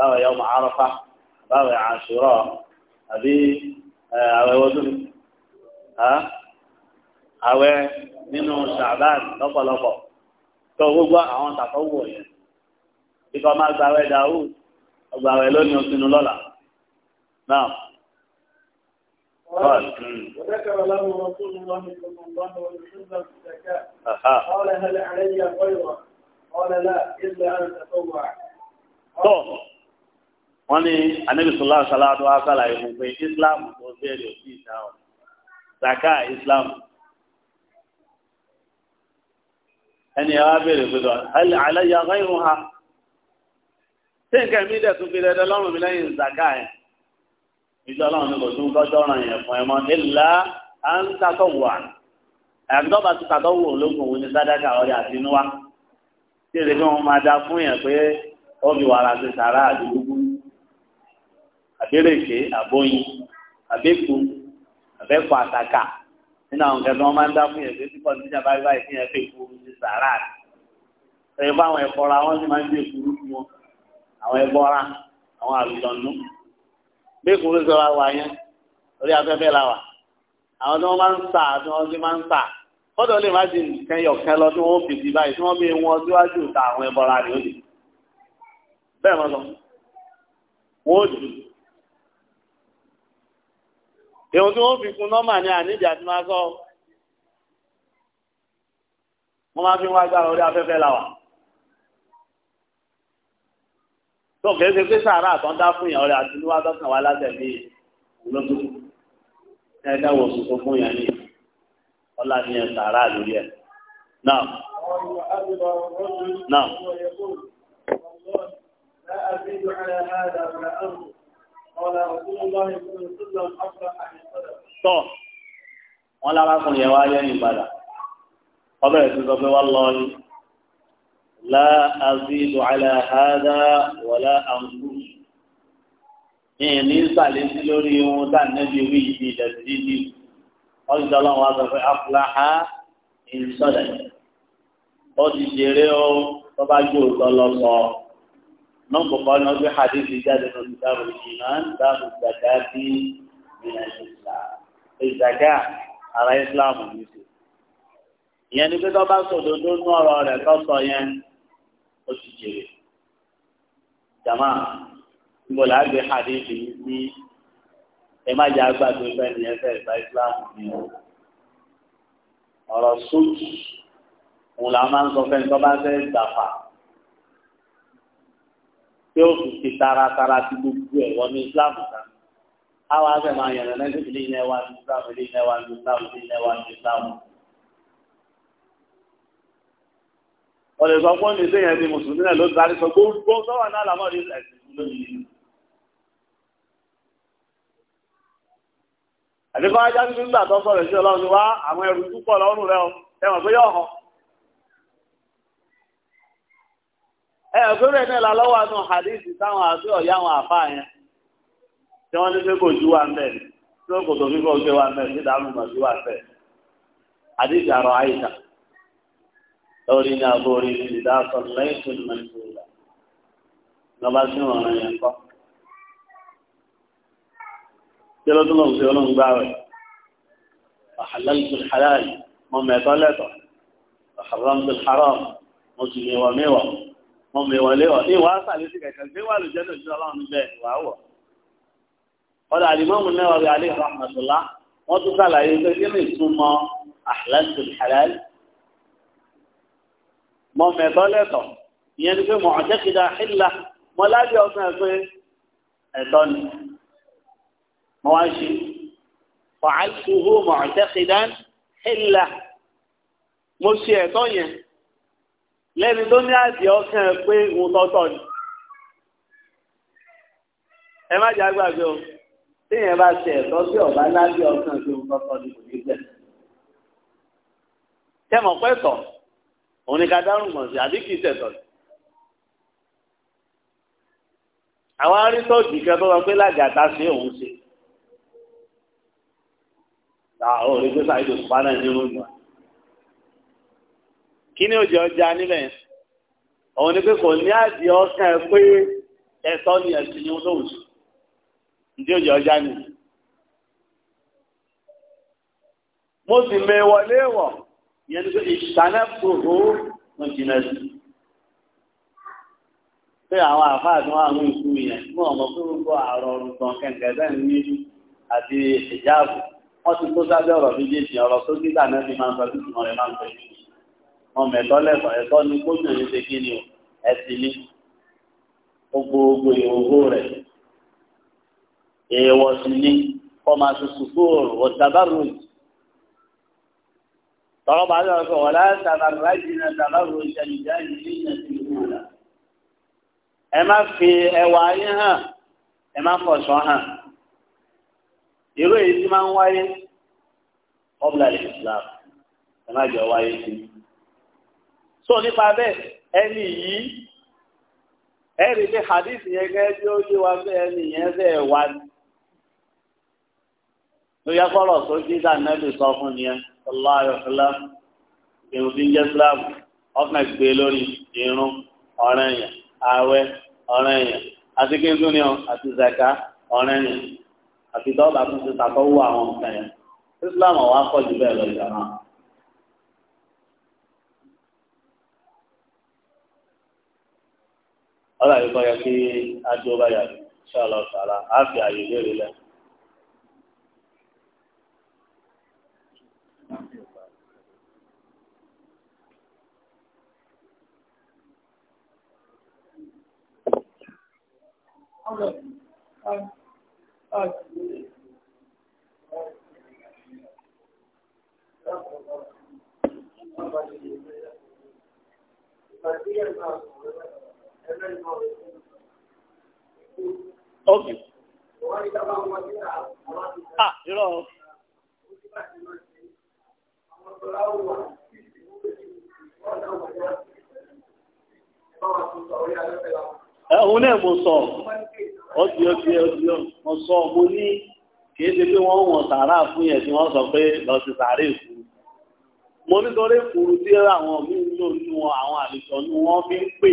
àbáwẹ̀ yọmọ àrọ́fà àbáwẹ̀ àṣùrọ̀ àbí àwẹ̀ ọdún àwẹ̀ nínú ṣàbáàn lọ́pọ̀lọpọ̀ tó gbogbo àwọn tàkọ́wò yẹn kíkọ́ máa gbàwẹ̀ dàrú ọgbàwẹ̀ lónìí òsínú lọ́la náà. وذكر له رسول الله صلى الله عليه وسلم الزكاة قال هل علي غيره قال لا إلا أن تطوع wọ́n ní anabisola salatu asala ìfún pé islam tó bẹ̀rẹ̀ òsì ìta ọ̀ zaka islam ẹni ẹ wá bẹ̀rẹ̀ pé lọ aláya ọ̀gá irun ha tí nǹkan mi dẹ̀ tún fi dẹ́dẹ́ lọ́rùn mi lẹ́yìn zaka yẹn ìjọ ọlọ́run ní kò tún tọ́jọ́ ọ̀ràn yẹn fún ẹ mọ́ ilà à ń takọ̀ wà àgbọ̀bà ti takọ̀ wò lókun òun ní sádàkà ọ̀rẹ́ àtinúwá tí èdè fi wọn máa da fún yẹn pé ó fi wàrà ti sàrà àdúgbò àbérèké àbóyin àbẹ́kù àbẹ́kù àtàkà nínú àwọn nǹkan tí wọ́n máa ń dá fún yẹn pé tí kọ́ńtíjà bá rí báyìí fún yẹn pé kúrú ti sàárà rẹ̀ fún àwọn ẹ̀fọ́ra wọ́n sì máa ń gbé kúrú fún wọn àwọn ẹ̀fọ́ra àwọn àlùjọ̀nù bí kúrú sọ wá yẹn orí afẹ́fẹ́ la wà àwọn tí wọ́n máa ń sà tí wọ́n sì máa ń sà fọ́dọ̀ lè má di nǹkan yọ̀kan lọ tí wọ́n fi sí báyìí tí wọ́n bí wọn síwájú ta àwọn ẹ̀fọ́ra rẹ̀ ó lè bẹ́ẹ̀ mọ́ sọ wọ́n ó dùn èèyàn tí wọ́n fi kun nọ́mà ni àníjì àti máa sọ wọ́n máa fi wá gbára orí afẹ́fẹ́ làwà tó kìí ṣe pé sàárà àtọ́ndá fún ìyàwó rẹ̀ àti níwá tọ́kàn wá látẹ̀lé olóṣù ẹ̀ẹ́dá wò sùn tó fún ìyàn ní ọlá ní ẹ̀ sàárà lórí ẹ̀ náà. náà tọ́ wọn lárakùnrin yẹn wá yẹ́ ní ìbàdà ọbẹ̀ rẹ̀ ti sọ pé wá lọ ní la azidu ala hada wala anqus ìyẹn ní sàlẹ̀ sí lórí ohun tá nẹ́bí wí ìdí ìdẹ̀sí dídí wọ́n ti sọ lọ́wọ́ wá pé afúláhá ìsọdẹ̀ ó ti jèrè ó tó bá jó òtọ́ lọ sọ náà bọ̀kọ́ ni wọ́n gbé hadith jáde náà dáàbò ìmán dáàbò ìdàgá bí mìíràn islam ìdàgá ara islam ní sè ìyẹn ni pé tó bá sòdodo nú ọ̀rọ̀ rẹ̀ tó sọ yẹn ó ti jèrè jama níbo la gbé hadith yìí sí ẹ má jẹ́ àgbàdo fẹ́ ni ẹ fẹ́ ìgbà islam ní o ọ̀rọ̀ sóòtù òun là máa ń sọ fẹ́ ní tó bá fẹ́ gbàfà pé ó tún ti taratara ti gbogbo ẹ̀ wọ́n ní islam kan àwọn afẹ́ máa yànnà lẹ́nu ilé iná wa ní islam ilé iná wa ní islam ilé iná wa ní islam. wọ́n lè sọ fún mi sẹ́yìn ẹni mùsùlùmí náà ló ń darí sọ gbogbo sọ́wọ́ náà làmọ́ rí ẹ̀sìn lónìí. àdìgbò ajá tuntun gbà tó sọ̀rọ̀ sí ọlọ́run wá àwọn ẹrù púpọ̀ lọ́rùn rẹ o ẹ̀wọ̀n pé yọ̀ hàn. ẹ̀ẹ́dúró náà la lọ́wọ́ àánú hadithi táwọn àti ọ̀yá àwọn àfa yẹn tí wọ́n ní pé kò ju wa mẹ́ tí wọ́n kò tó fi kọ́ gbé wa mẹ́ tí dàánù mọ̀ sí wa mẹ́ hadithi àrọ̀ àyíká lórí ní abórí ní ìdásọ̀ lẹ́yìn tó ní mẹ́tò ìlà lọ́ba sí wọn rẹ̀ kọ́ tí ló tún lọ olóhùn gbá rẹ̀ àhàlálùtù halal wọn mọ ìwọlé wọ ní ìwà sàlẹ̀ sí kẹ̀kẹ́ gbé wà lójẹ́ náà jùlọ láwọn níbẹ̀ ìwà wọ̀. ọ̀dà àdìmọ́mù náà wọlé alẹ́ rahmatullah wọ́n tún sàlàyé pé kí ni ìtumọ̀ ahlasul halal. mọ mẹ́tọ́ lẹ́tọ̀ ìyẹn ni pé mọ̀ ọ̀jẹ́ kìdá hìlá mọ lábẹ́ ọ̀sán ẹ̀ pé ẹ̀tọ́ ni mọ wá ṣe fàálùkù hù mọ̀ ọ̀jẹ́ kìdá hìlá mo ṣe ẹ̀tọ́ yẹn lẹ́ni tó ní àdì ọkàn ẹ̀ pé òun tọ́tọ̀ ni ẹ má jẹ́ àgbàgbé o téèyàn bá ṣe ẹ̀tọ́ sí ọ̀bá lábẹ́ ọkàn pé òun tọ́tọ̀ ni kò ní bẹ̀. tẹ́mọ̀ pẹ́tọ̀ òun ni ká dárùn mọ̀ sí àbí kì í ṣẹ̀tọ̀ sí. àwọn arítọ́jú kan tó wá pé lágàtà sí òun ṣe. àwọn òrìṣà ìdòtúpá náà ní ròyìn kí òjò ọjà níbẹ̀ òun ni pé kò ní àdì ọ̀sán ẹ pé ẹ̀tọ́ ni ẹ̀sìn ni olóhùn sí òjò ọjà ni. mo sì mẹ wọlé wọ ìyẹn ni pé ìṣànà kúrò mo jìnnà sí pé àwọn àfáà tí wọn àwọn ìkú yẹn mú ọmọ fún àrọ ọrùn kan kẹkẹ ní àti ìjáàbù wọn ti tó sábẹ́ ọ̀rọ̀ méjèèjì ọ̀rọ̀ tó dídà náà ni máa ń sọ sí ìmọ̀ rẹ máa ń sọ yìí ọmọ ẹ̀tọ́ lẹ́tọ̀ ẹ̀tọ́ ni kóbìnrin ṣe kí ni o ẹ̀sìn ni gbogbo ìhòòhò rẹ̀ èèwọ̀ sì ni kọ́ máa ṣe sùkúrù ọ̀tàbárò yìí tọ́lọ́ bá yọ̀ sọ wọ́n láti tàbárò láti ní tàbárò ìjànìjà yìí ní ìlú rẹ̀ ẹ má fi ẹwà yín hàn ẹ má fọ̀ṣọ́ hàn irú èyí tí máa ń wáyé ọ̀bùlà ìsìlámù ẹ má jọ wáyé sí i. So nípa bẹ́ẹ̀ ẹni yìí ẹ̀rí pé hadith yẹn gẹ́gẹ́ bí ó yé wa bẹ́ẹ̀ ẹni yẹn bẹ́ẹ̀ wá ní. ló yẹ kọ́rọ̀ tó jí dànẹ́bì sọ fún ni ẹ sọlá ayọ̀fẹ́lá èrò tí ń jẹ́ islam ọ̀fẹ́ gbé lórí irun ọ̀rẹ́ yẹn ààwẹ̀ ọ̀rẹ́ yẹn àti kíntún ni ọ àti zaka ọ̀rẹ́ yẹn àti dọ́ọ̀bà tó ti sàkọ́wọ́ àwọn nǹkan yẹn islam ọ̀wá pọ̀ jù bẹ́ẹ̀ lọ ìjọba. ọ̀rọ̀ àyíkọ́ yẹ kí adó bá yà ṣọlọ sàrà á fi àyè léèrè lẹ. ókè. à ah, irọ́ o. Ẹ̀hun náà mo sọ, ó ti ó ti ó ti ó, mo sọ mo ní kìí ṣe pé wọ́n wọ̀n sàárà fún yẹn tí wọ́n sọ pé lọ sí sàárè fún. Mo nítorí fún tí àwọn mí ń lò nínú àwọn àlùjọ ní wọ́n fi ń pè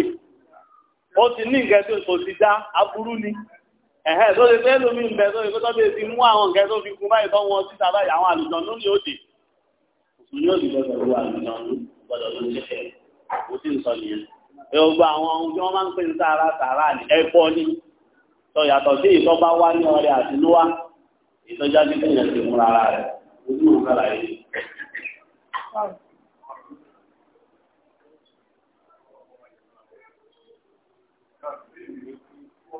ó ti ní nǹkan tó kò sí dá aburú ni ẹ̀hẹ́ tó lè fẹ́ lómi ìbẹ̀ tó lè fẹ́ tọ́bí ti mú àwọn nǹkan tó fi kú báyìí tó wọn síta báyìí àwọn àlùjọ ló ní òde òsùn ní òde gbọdọ̀ ló àlùjọ gbọdọ̀ ló ṣe fẹ́ ó sì ń sọ nìyẹn ẹ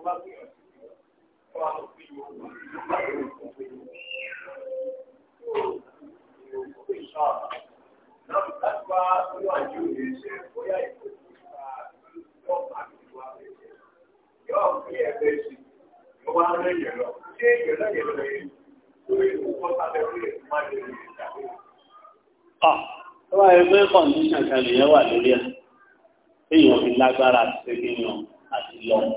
Ọba ẹgbẹ́ kọ̀ǹdíṣàn kan lèyàn wà lórí ẹ̀. Téèyàn fi lágbára àti ṣe kí àti lọ́wọ́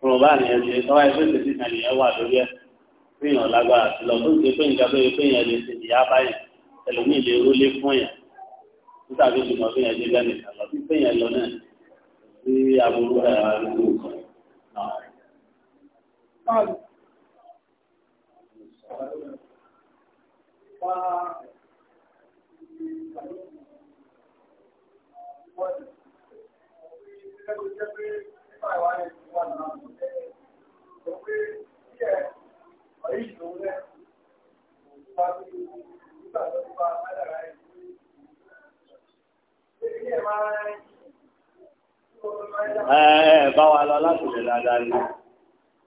kúrò bá ní ẹsẹ tọ́wá ẹgbẹ́ tètè kan nìyẹn wà lórí ẹ fíyàn lágbára sí lọ tó ń nǹkan tó yẹ pé lè ṣe ìyá báyìí ẹlòmíì lè rólé fún yẹn nígbà tó ti mọ pé yẹn lẹ́nu ìkàlọ́ bí pé yẹn lọ náà sí aburú ẹ̀ àdúgbò kan. Thank you. ẹ eh, bá wa lọ láti lè dáadáa ni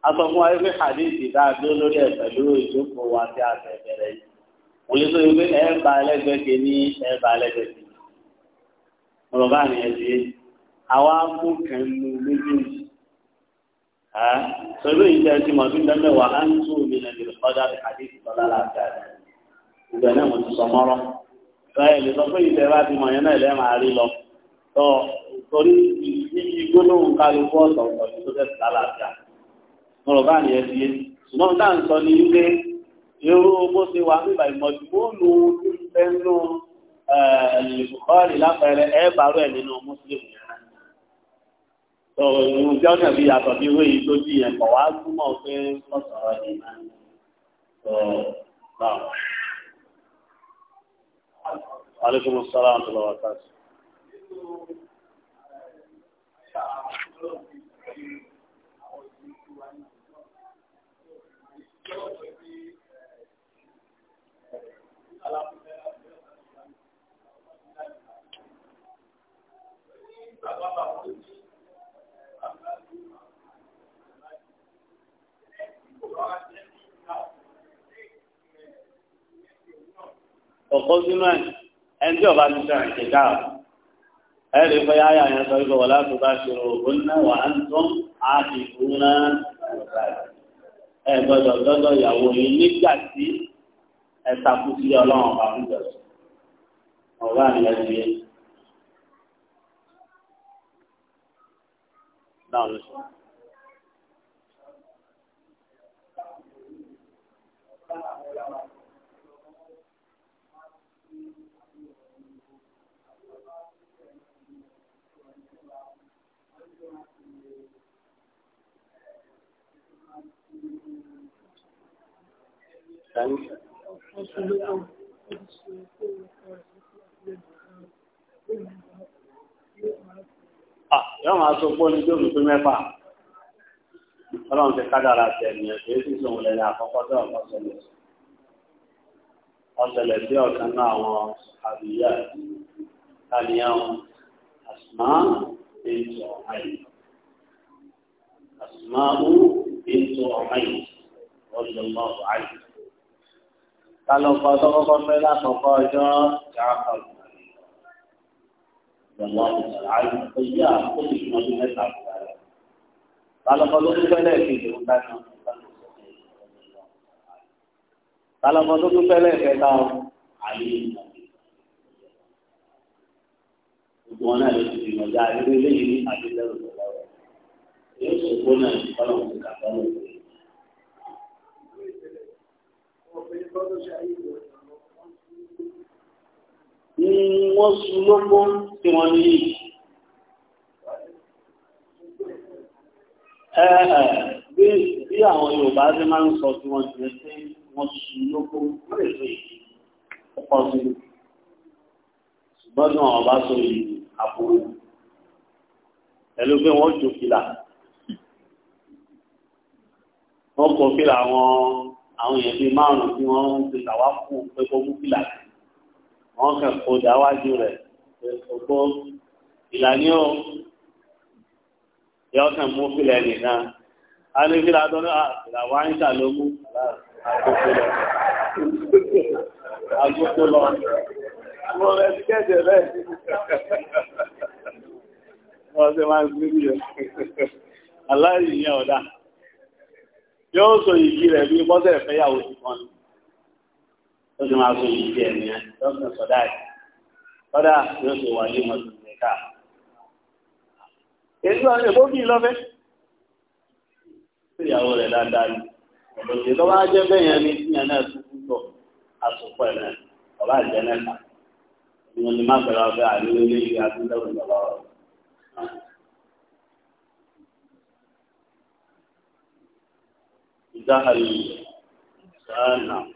a sọ fún wa pé hadithi dáa dúró lórí ẹ pẹ̀lú ìjókòó wa tí a fẹ́ bẹ̀rẹ̀ yìí mo lè sọ pé ẹ bá ẹlẹ́gbẹ́ ke ní ẹ bá ẹlẹ́gbẹ́ ke mo lọ bá mi ẹ di àwa mú kàn mú méjèèjì ẹ sọlọ yìí jẹ ti mọ bí bẹ́ẹ̀ mẹ́wàá á ń tún omi nàìjíríà lọ́dọ̀ àti hadithi lọ́dọ̀ àti àti ìgbà náà mo ti sọ mọ́rọ́ báyìí lè sọ pé ìtẹ́ bá ti mọ̀ yẹn náà lẹ́ẹ̀ máa rí lọ tọ́ torí gbólóhùn kálukú ọ̀tọ̀ọ̀tọ̀ ní tó tẹ̀sí lálàáfíà mo rò bá nìyẹn ti yé ṣùgbọ́n tá à ń sọ ní wípé irú bó ṣe wà nígbà ìmọ̀jú lu ẹ̀ẹ́dẹ̀kọ́rì lápẹẹrẹ bàrú ẹ̀ nínú mùsùlùmí yẹn tí yàtọ̀ bí tó yẹn kọ̀ wá túmọ̀ pé ọ̀sọ̀rọ̀ ọ̀pọ̀ sínú ẹ̀ ẹni tí ọba ti sọ ìṣẹ̀dá ẹ̀rí pé yáyà yẹn sọ wípé wọlé àtúbà ṣòro òun náà wà á ń tún àti ìfún náà ẹ gbọ́dọ̀ ìyàwó yìí nígbà tí ẹ takú sí Ọlọ́run ọba fún ìjọsìn ọba yẹn Sani. Ah, Yọ́ máa sọ pé oníjó mi pé mẹ́fà. Ọlọ́run ti kádàrà tẹ̀ ènìyàn kì í sì sọ òun lẹ́nu àkọ́kọ́ tó ọ̀pọ̀ ṣẹlẹ̀. Ọ̀ṣẹlẹ̀ sí ọ̀kan náà àwọn àbíyá tàníyàn àsùmá ètò ọ̀háyì. Àsùmá ó ètò ọ̀háyì. Ọ̀ṣẹ̀lẹ̀ ọ̀háyì kálọ̀kọ́ tọ́kọ́kọ́ fẹ́ látọ̀kọ́ ọjọ́ ìyàkọ̀ ìjọba àyè èyí àkókò ìmọ̀lú mẹ́ta ìgbàlẹ̀. kálọ̀kọ́ ló tún fẹ́lẹ̀ kejì ń bá náà. kálọ̀kọ́ tó tún fẹ́lẹ̀ kẹta àyè ìmọ̀lú. gbogbo wọn náà ló ti dìbò já ilé lẹ́yìn àti lẹ́rù lọ́wọ́. yóò sọ gbóná ìfọlọ́wọ́ kàtọ́lù rẹ̀. Wọ́n sun lóko tí wọ́n ní yìí. Bí àwọn Yorùbá ṣe máa ń sọ tí wọ́n jẹ́ pé wọ́n sun lóko lórí ìwé ọkọ̀ sí. Ṣùgbọ́n náà ọba sọ ìlú àbúrò. Ẹ̀lú pé wọ́n jò fìlà. Wọ́n kọ fìlà wọn àwọn èèyàn bíi márùn tí wọ́n ń ti tàwa fún pé kó mú fìlà wọ́n kàn kó dáwájú rẹ̀ pé ọgbọ́ ìlànà ò yọ kàn mú fìlà nìkan a ní fìlà tó ní àfìlà wá ń ṣà ló mú àgbókò lọ àgbókò lọ mo rẹ ti kẹ́jẹ̀ bẹ́ẹ̀ wọ́n ṣe máa ń gbé bí i aláìyẹn ọ̀dà yóò sọ ìyí rẹ̀ bí bọ́sẹ̀ fẹ́yàwó ti kan ní ó ti máa sọ ìyí rẹ̀ ní ẹ̀ lọ́sẹ̀ sọ̀dá ẹ̀ sọ́dá yóò sọ wà ní mọ́tò nìka. èyí wà ní ìbókì lọ́fẹ́ ìyàwó rẹ̀ dáadáa ni òbòtí tó bá jẹ́ bẹ́ẹ̀ yẹn ní ìyẹn náà tún kú bọ̀ àsopọ̀ ẹ̀ náà bàbá àjẹ́ náà ìwọ̀n ni má pẹ̀lú ọ̀fẹ́ àríwé ذهل سانا